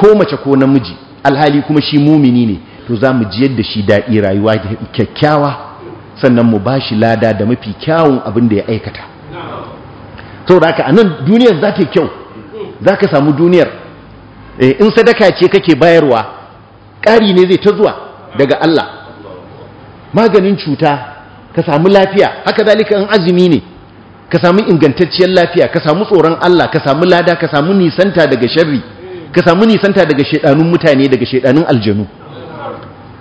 ko mace ko namiji alhali kuma shi mumini ne to za mu jiyar da shi daɗi rayuwa kyakkyawa sannan mu ba shi lada da mafi kyawun abin da ya aikata saboda haka a nan duniyar za ta yi kyau za ka samu duniyar eh, in sadaka ce kake bayarwa ƙari ne zai ta zuwa daga Allah maganin cuta ka samu lafiya haka zalika in azumi ne ka samu ingantacciyar lafiya ka samu tsoron Allah ka samu lada ka samu nisanta daga sharri ka samu nisanta daga shedanun mutane daga shedanun aljanu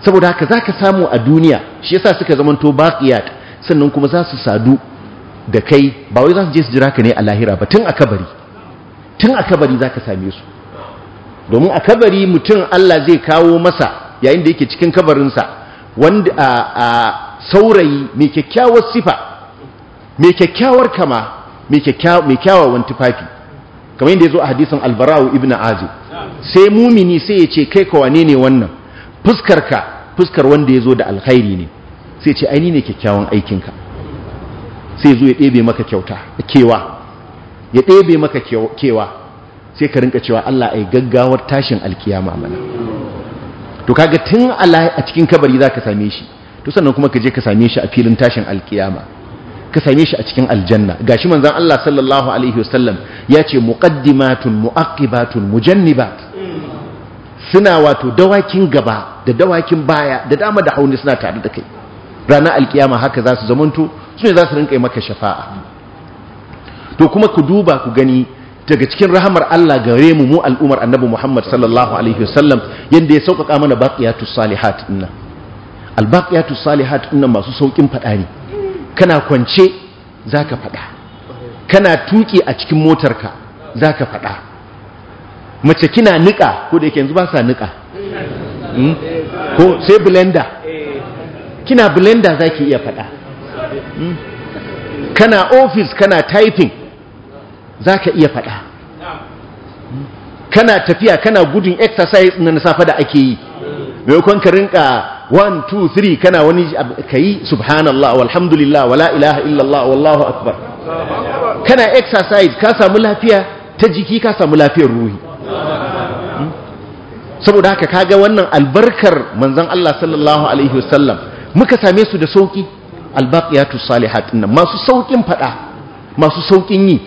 saboda haka za ka samu a duniya shi yasa suka zamanto baqiyat sannan kuma za su sadu da kai ba wai za su je su jira ka ne a lahira ba tun a kabari tun a kabari za ka same su domin a kabari mutum Allah zai kawo masa yayin da yake cikin kabarinsa wanda a saurayi mai kyakkyawar sifa mai kyakkyawar kama mai kyakkyawan tufafi kamar yadda ya zo a hadisin albarawo ibn azu sai mumini sai ya ce kai kawane ne wannan fuskarka fuskar wanda ya zo da alkhairi ne sai ce aini ne kyakkyawan aikinka sai zo ya ɗebe maka kyauta kewa ya ɗebe maka kewa sai ka rinka cewa Allah ai gaggawar tashin alkiyama mana to kaga tun a cikin kabari za ka same shi to sannan kuma ka je ka same shi a filin tashin alkiyama ka same shi a cikin aljanna gashi manzon Allah sallallahu alaihi wasallam ya ce muqaddimatun muaqibatun mujannibat suna wato dawakin gaba da dawakin baya da dama da hauni suna tare da kai ranar alkiyama haka za su zamanto su ne za su rinka maka shafa'a to kuma ku duba ku gani daga cikin rahamar Allah gare mu mu al'umar annabi Muhammad sallallahu alaihi wasallam yanda ya sauƙaƙa mana baqiyatu salihat al albaqiyatus salihat inna masu saukin fada ne kana kwance zaka fada kana tuki a cikin motarka zaka fada mace kina nika ko da yake yanzu ba sa nika hmm? ko sai blender kina blender zaki iya fada hmm? kana office kana typing za ka iya faɗa kana tafiya kana gudun exercise na safa da ake yi maimakon ka rinka 1 2 3 kana wani ka yi subhanallah walhamdulillah wala ilaha illallah wallahu akbar kana exercise ka samu lafiya ta jiki ka samu lafiyar ruhi saboda haka kaga wannan albarkar manzon Allah sallallahu alaihi wasallam muka same su da sauki albaqiyatu salihat nan masu saukin fada masu saukin yi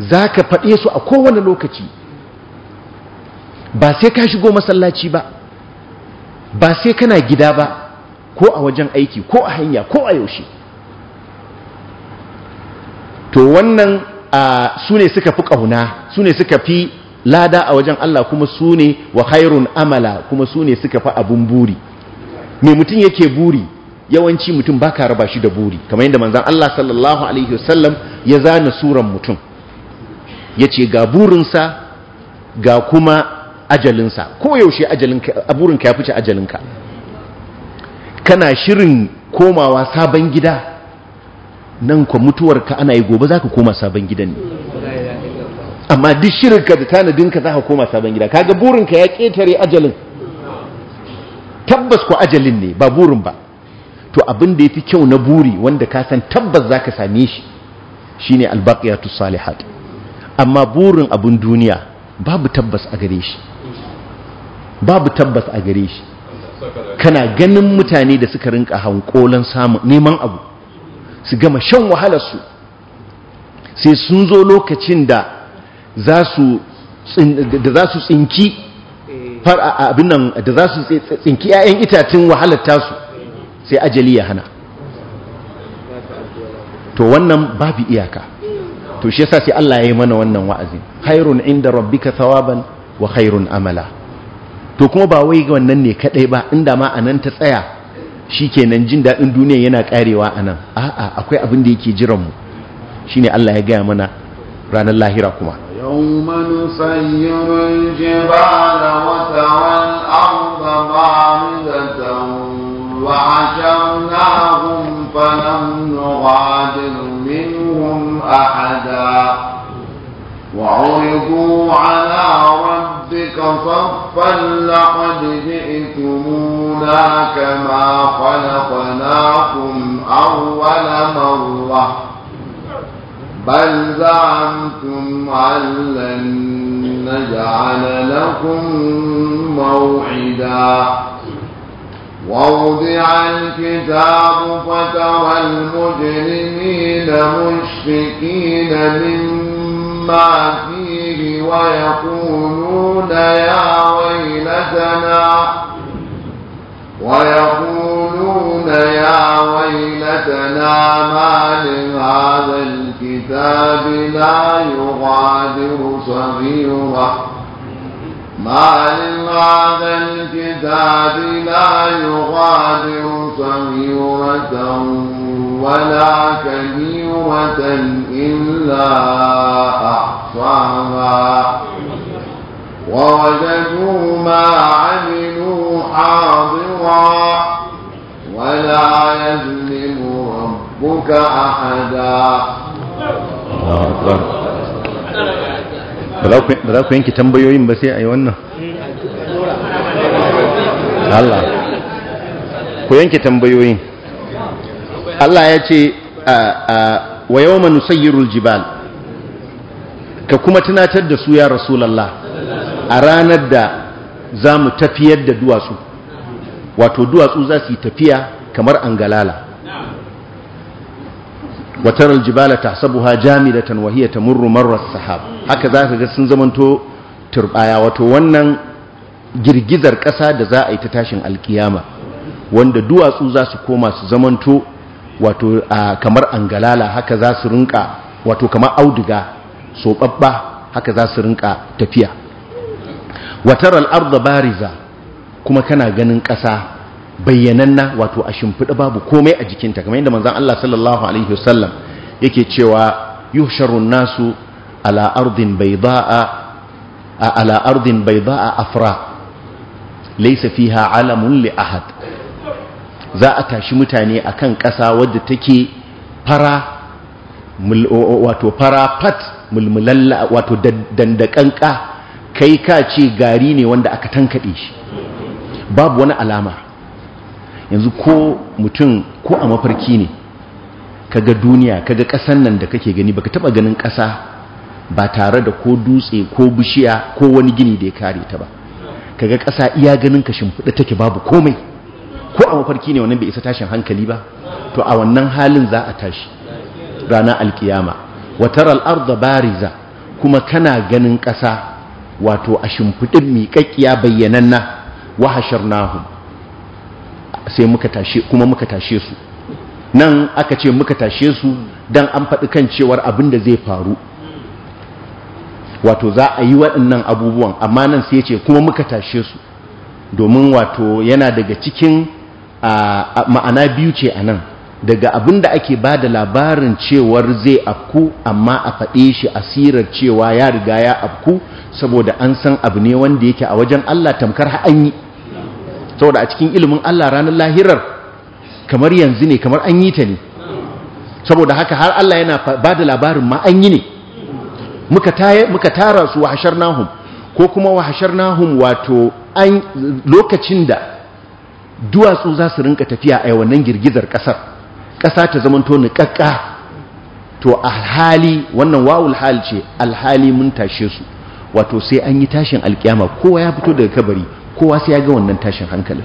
za ka faɗe su a kowane lokaci ba sai ka shigo masallaci ba ba sai kana gida ba ko a wajen aiki ko a hanya ko a yaushe to wannan su ne suka fi ƙauna su ne suka fi lada a wajen Allah kuma su ne wa khairun amala kuma su ne suka fi abun buri mai mutum yake buri yawanci mutum ba ka raba shi da buri kamar yadda manzan Allah sallallahu alaihi wasallam ya zana suran mutum ya ce ga burinsa ga kuma ajalinsa koyaushe burinka ya fice ajalinka kana shirin komawa sabon gida nan kwa mutuwarka ana yi gobe za ka koma sabon gidan ne amma duk shirinka da tanadinka za ka koma sabon gida kaga burinka ya ketare ajalin tabbas ko ajalin ne ba burin ba to abin da ya fi kyau na buri wanda ka san tabbas za ka same shi shine albaƙiyatu salihat amma burin abin duniya babu tabbas a gare shi babu tabbas a gare shi kana ganin mutane da suka rinka hankolan samun neman abu su gama shan wahalarsu sai sun zo lokacin da za su tsinki abinan da za su tsinki 'ya'yan itacin wahalar tasu sai ajali ya hana to wannan babu iyaka to shi yasa sai Allah ya yi mana wannan wa'azi khairun inda rabbika thawaban wa khairun amala to kuma ba wai wannan ne kadai ba inda ma anan ta tsaya shikenan jin dadin duniya yana karewa anan a'a akwai abin da yake jiran mu shine Allah ya gaya mana ranar lahira kuma yawma nusayyiru jibala wa taral arda ma'amidatan wa fa lam nughadir min منهم أحدا وعرضوا على ربك صفا لقد جئتمونا كما خلقناكم أول مرة بل زعمتم أن لن نجعل لكم موعدا ووضع الكتاب فترى المجرمين مشفكين مما فيه ويقولون يا ويلتنا ويقولون يا ويلتنا ما لهذا الكتاب لا يغادر صغيرة ما لهذا الكتاب لا يغادر صغيرة ولا كبيرة إلا أحصاها ووجدوا ما عملوا حاضرا ولا يظلم ربك أحدا ba za ku yanki tambayoyin ba sai a yi wannan Allah ku yanki tambayoyin Allah ya ce wa yau manu jibal ka kuma tunatar da su ya rasulallah a ranar da za mu tafiyar da duwatsu wato duwatsu za su yi tafiya kamar angalala وترى الجبال تحسبها جامدة وهي تمر مر السحاب marra sahab haka zaka ga sun zamanto wato wannan girgizar ƙasa da za a yi ta tashin alkiyama wanda duwatsu za su koma su zamanto wato kamar angalala haka za su rinka wato kamar auduga soɓaɓɓa haka za su rinka tafiya watar al'arda bariza kuma kana ganin ƙasa bayyananna wato a shimfiɗa babu komai a jikinta kamar yadda manzan Allah sallallahu alaihi wasallam yake cewa yusharun nasu ala ardin bai a a bayda'a afra laysa fiha alamun li za a tashi mutane a kan ƙasa wadda take fara wato fara pat mulmulalla wato dandakanka kai ka ce gari ne wanda aka tankaɗe shi babu wani alama yanzu ko mutum ko a mafarki ne kaga duniya kaga ƙasan nan da kake gani baka taba ganin ƙasa ba tare da ko dutse ko bishiya ko wani gini da ya kare ta ba kaga ƙasa iya ganin ka shimfiɗa take babu komai ko a mafarki ne wannan bai isa tashin hankali ba to a wannan halin za a tashi ranar alkiyama wataral arda bariza kuma kana ganin ƙasa wato a shimfiɗin miƙaƙƙiya bayyananna wahashar nahu. sai muka tashe kuma muka tashe su nan aka ce muka tashe su dan an faɗi kan cewar abin da zai faru wato za a yi waɗannan abubuwan amma nan sai ce kuma muka tashe su domin wato yana daga cikin ma'ana biyu ce a nan daga abin da ake ba da labarin cewar zai afku amma a faɗe shi asirar cewa ya riga ya afku saboda an san abu ne wanda yake a wajen Allah tamkar ha'anyi saboda a cikin ilimin Allah ranar lahirar kamar yanzu ne kamar an yi ta ne saboda haka har Allah yana ba da labarin ma an yi ne muka tara su wahashar nahum ko kuma wahashar nahum wato lokacin da duwatsu za su rinka tafiya a wannan girgizar ƙasar ƙasa ta zamanto kakka to alhali wannan wawul hal ce alhali mun tashe su wato sai an yi tashin alkiyama kowa ya fito daga kabari kowa sai ya ga wannan tashin hankalin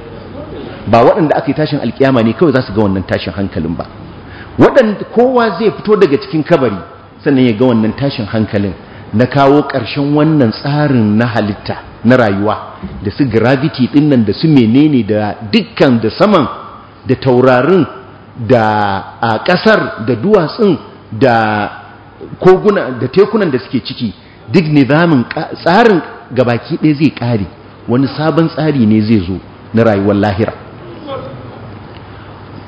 ba waɗanda aka yi tashin alkiyama ne kawai za su ga wannan tashin hankalin ba waɗanda kowa zai fito daga cikin kabari sannan ya ga wannan tashin hankalin na kawo ƙarshen wannan tsarin na halitta na rayuwa da su gravity ɗin nan da su menene da dukkan da saman da taurarin da a ƙasar da duwatsun da koguna da tekunan da suke ciki duk nizamin tsarin gabaki ɗaya zai ƙare wani sabon tsari ne zai zo na rayuwar lahira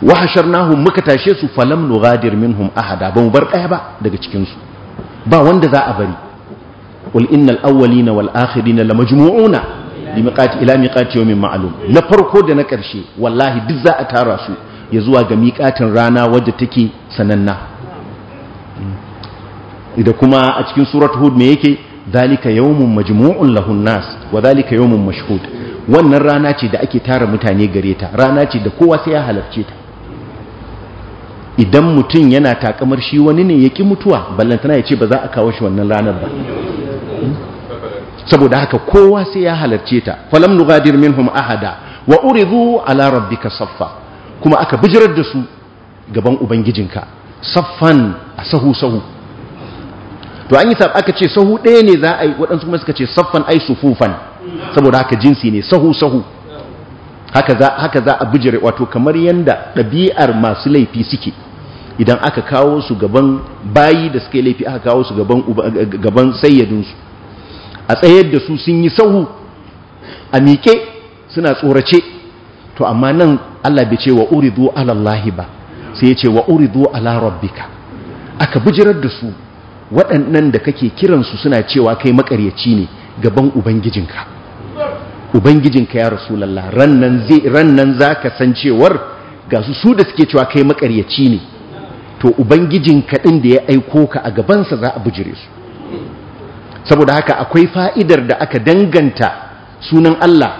Wahashar wahasharnahum muka tashe su falam nughadir minhum ahada ba mu bar ɗaya ba daga cikinsu. ba wanda za a bari qul innal na wal akhirina lamajmu'una limiqati ila miqati yawmin ma'lum na farko da na ƙarshe, wallahi duk za a tara su ya zuwa ga miƙatin rana wadda take sananna da kuma a cikin surat hud me yake zalika yawmun majmu'un lahun nas wa zalika yawmun mashhud wannan rana ce da ake tara mutane gare ta rana ce da kowa sai ya halarce ta idan mutum yana takamar shi wani ne ya ki mutuwa ballantana ya ce ba za a kawo shi wannan ranar ba saboda haka kowa sai ya halarce ta falam nugadir minhum ahada wa uridu ala rabbika saffa kuma aka bijirar da su gaban ubangijinka saffan a sahu sahu to an yi sab aka ce sahu ɗaya ne za a yi waɗansu kuma suka ce saffan ai sufufan saboda haka jinsi ne sahu sahu haka za a bijire wato kamar yadda ɗabi'ar masu laifi suke idan aka kawo su gaban bayi da suke laifi aka kawo su gaban sayyadinsu a tsayar da su sun yi sahu a miƙe suna tsorace to amma nan Allah bai ce wa uri zuwa alallahi ba sai ya ce wa uri ala rabbika aka bijirar da su waɗannan da kake kiransu suna cewa kai makaryaci ne gaban ubangijinka ubangijinka ya rasulallah rannan zai rannan zaka san cewar ga su su da suke cewa kai makaryaci ne to ubangijinka ɗin da ya aiko ka a gabansa za a bijire su saboda haka akwai fa'idar da aka danganta sunan Allah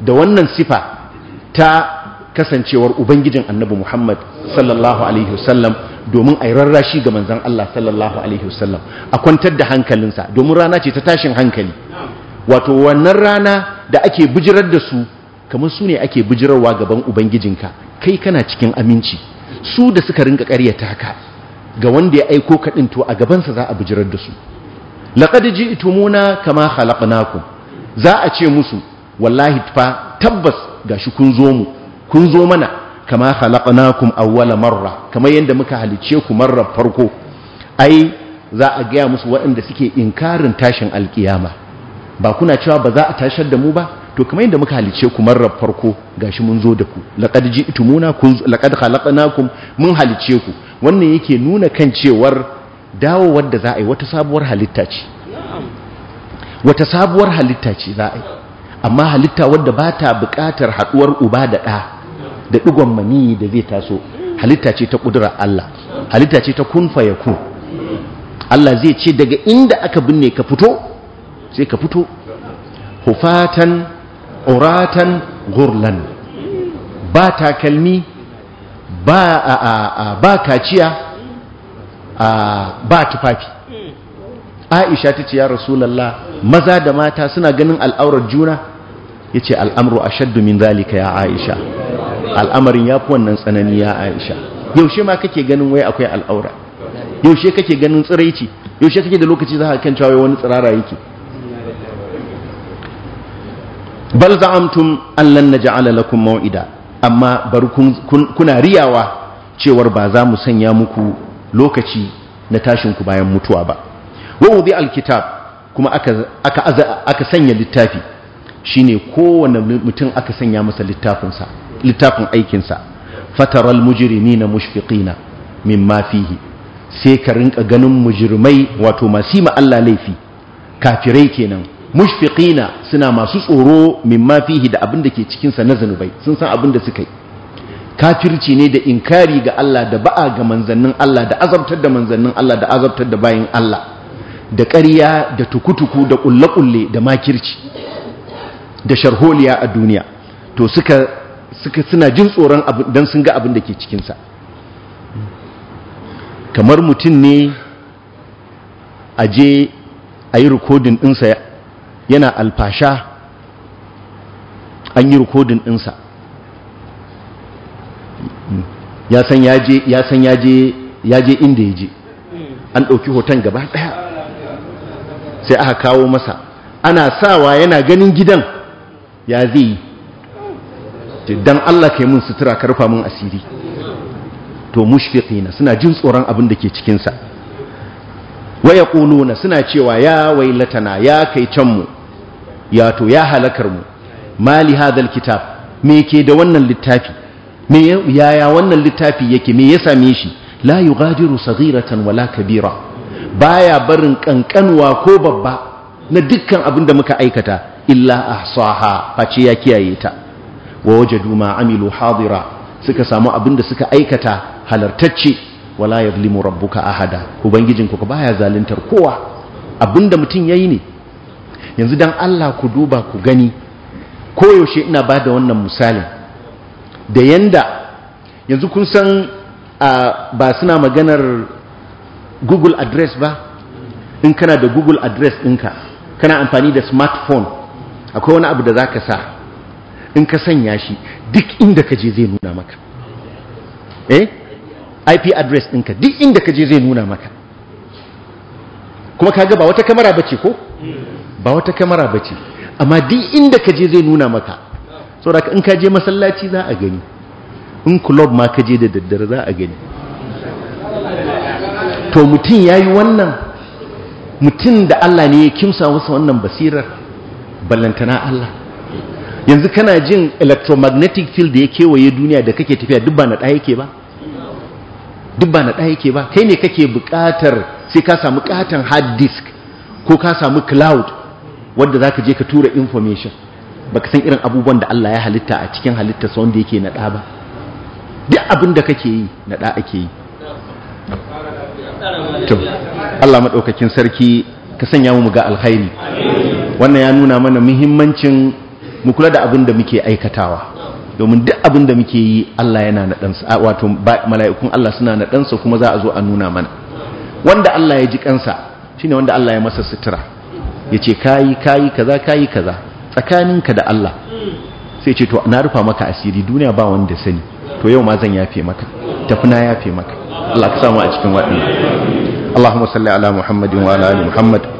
da wannan sifa ta kasancewar ubangijin annabi Muhammad sallallahu alaihi wasallam domin a yi rarrashi ga manzan Allah sallallahu alaihi wasallam a kwantar da hankalinsa domin rana ce ta tashin hankali wato wannan rana da ake bijirar da su kamar su ne ake bijirarwa gaban ubangijinka kai kana cikin aminci su da suka rinka karyata haka ga wanda ya aiko kaɗin to a gabansa za a bijirar da su laƙadiji muna kama naku. za a ce musu wallahi fa tabbas gashi kun zo mu kun zo mana kama khalaqnakum awwala marra kamar yadda muka halice ku marra farko ai za a gaya musu waɗanda suke inkarin tashin alkiyama ba kuna cewa ba za a tashar da mu ba to kamar yadda muka halice ku marra farko gashi mun zo da ku laqad ji'tumuna kun laqad khalaqnakum mun halice ku wannan yake nuna kan cewar dawo wanda za a yi wata sabuwar halitta ce wata sabuwar halitta ce za a yi amma halitta wadda ba ta buƙatar haɗuwar uba da ɗa da digon mani da zai taso halitta ce ta kudurar Allah halitta ce ta kun yaku Allah zai ce daga inda aka binne ka fito sai ka fito hufatan uratan gurlan ba takalmi ba a, a, a, ba kaciya ba tufafi aisha ta ce ya rasulallah maza da mata suna ganin al'aurar juna ya ce al'amru a shaddu min zalika ya aisha al'amarin ya fi wannan tsanani ya aisha yaushe ma kake ganin wai akwai al'aura yaushe kake ganin tsiraici yaushe kake da lokaci za a kan cewa wani tsirara yake bal za'amtum allan naj'ala lakum maw'ida amma bari kuna riyawa cewar ba za mu sanya muku lokaci na tashin ku bayan mutuwa ba wa wudi alkitab kuma aka sanya littafi shine kowane mutum aka sanya masa littafinsa littafin aikinsa fataral na na min mafihi sai ka rinka ganin mujirmai wato masu yi Allah laifi kafirai kenan mushfiƙina suna masu tsoro min mafihi da abin da ke cikinsa na zanubai sun san abin da suka yi kafirci ne da inkari ga Allah da ba'a ga manzannin Allah da azabtar da manzannin Allah da azabtar da bayan Allah da ƙarya da tukutuku da ƙulle-ƙulle da makirci da sharholiya a duniya to suka suka suna jin tsoron don sun ga abin da ke cikinsa kamar mutum ne a je a yi rikodin ɗinsa yana alfasha an yi rikodin ɗinsa ya san ya je inda ya je an ɗauki hoton gaba ɗaya sai aka kawo masa ana sawa yana ganin gidan ya zai yi dan Allah ka yi mun sutura ka rufa mun asiri to mushfiqina suna jin tsoron abin da ke cikin sa wa yaquluna suna cewa ya wailatana ya kai can mu ya to ya halakar mu mali hadal kitab me ke da wannan littafi me yaya wannan littafi yake me ya same shi la yughadiru saghiratan wala kabira baya barin kankanwa ko babba na dukkan abin da muka aikata illa a ahsaha face ya kiyaye ta wa wajadu ma amilu hadira suka samu abin da suka aikata halartacce wala yadhlimu rabbuka ahada ku ka baya zaluntar kowa abinda mutum yayi ne yanzu dan Allah ku duba ku gani ko yaushe ina bada wannan misalin da yanda yanzu kun san ba suna maganar google address ba in kana da google address ɗinka kana amfani da smartphone akwai wani abu da za ka sa in ka sanya shi duk inda ka je zai nuna maka eh IP address ɗinka duk inda ka je zai nuna maka kuma kaga ba wata kamera bace ko ba wata kamera bace amma duk inda ka je zai nuna maka saboda in ka je masallaci za a gani in club ma ka je da daddare za a gani to mutum ya yi wannan mutum da Allah ne ya kimsa masa wannan basirar ballantana Allah yanzu kana jin electromagnetic field da ya kewaye duniya da kake tafiya duk ba na ɗaya yake ba duk ba na ɗaya yake ba kai ne kake buƙatar sai ka samu ƙaton hard disk ko ka samu cloud wadda za ka je ka tura information ba ka san irin abubuwan da Allah ya halitta a cikin halitta su wanda yake na ɗa ba duk abin da kake yi na ɗa ake yi Allah maɗaukakin sarki ka sanya mu ga alkhairi wannan ya nuna mana muhimmancin mu kula da abin da muke aikatawa domin duk abin da muke yi Allah yana na ɗansa, wato mala'ikun Allah suna na ɗansa kuma za a zo a nuna mana wanda Allah ya ji kansa ne wanda Allah ya masa sutura ya ce kayi kayi kaza kayi kaza tsakaninka da Allah sai ce to na rufa maka asiri duniya ba wanda sani to yau ma zan yafe maka tafi na yafe maka Allah ka samu a cikin waɗanda Allahumma salli ala Muhammadin wa ala ali Muhammad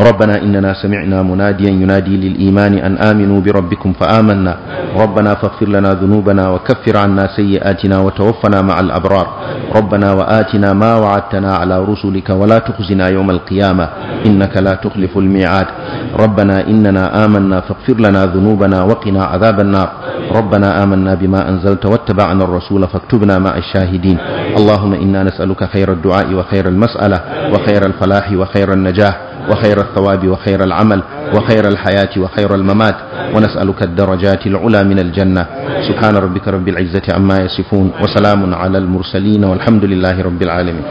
ربنا إننا سمعنا مناديا ينادي للإيمان أن آمنوا بربكم فآمنا ربنا فاغفر لنا ذنوبنا وكفر عنا سيئاتنا وتوفنا مع الأبرار ربنا وآتنا ما وعدتنا على رسلك ولا تخزنا يوم القيامة إنك لا تخلف الميعاد ربنا إننا آمنا فاغفر لنا ذنوبنا وقنا عذاب النار ربنا آمنا بما أنزلت واتبعنا الرسول فاكتبنا مع الشاهدين اللهم إنا نسألك خير الدعاء وخير المسألة وخير الفلاح وخير النجاح وخير الثواب وخير العمل وخير الحياة وخير الممات ونسألك الدرجات العلى من الجنة سبحان ربك رب العزة عما يصفون وسلام على المرسلين والحمد لله رب العالمين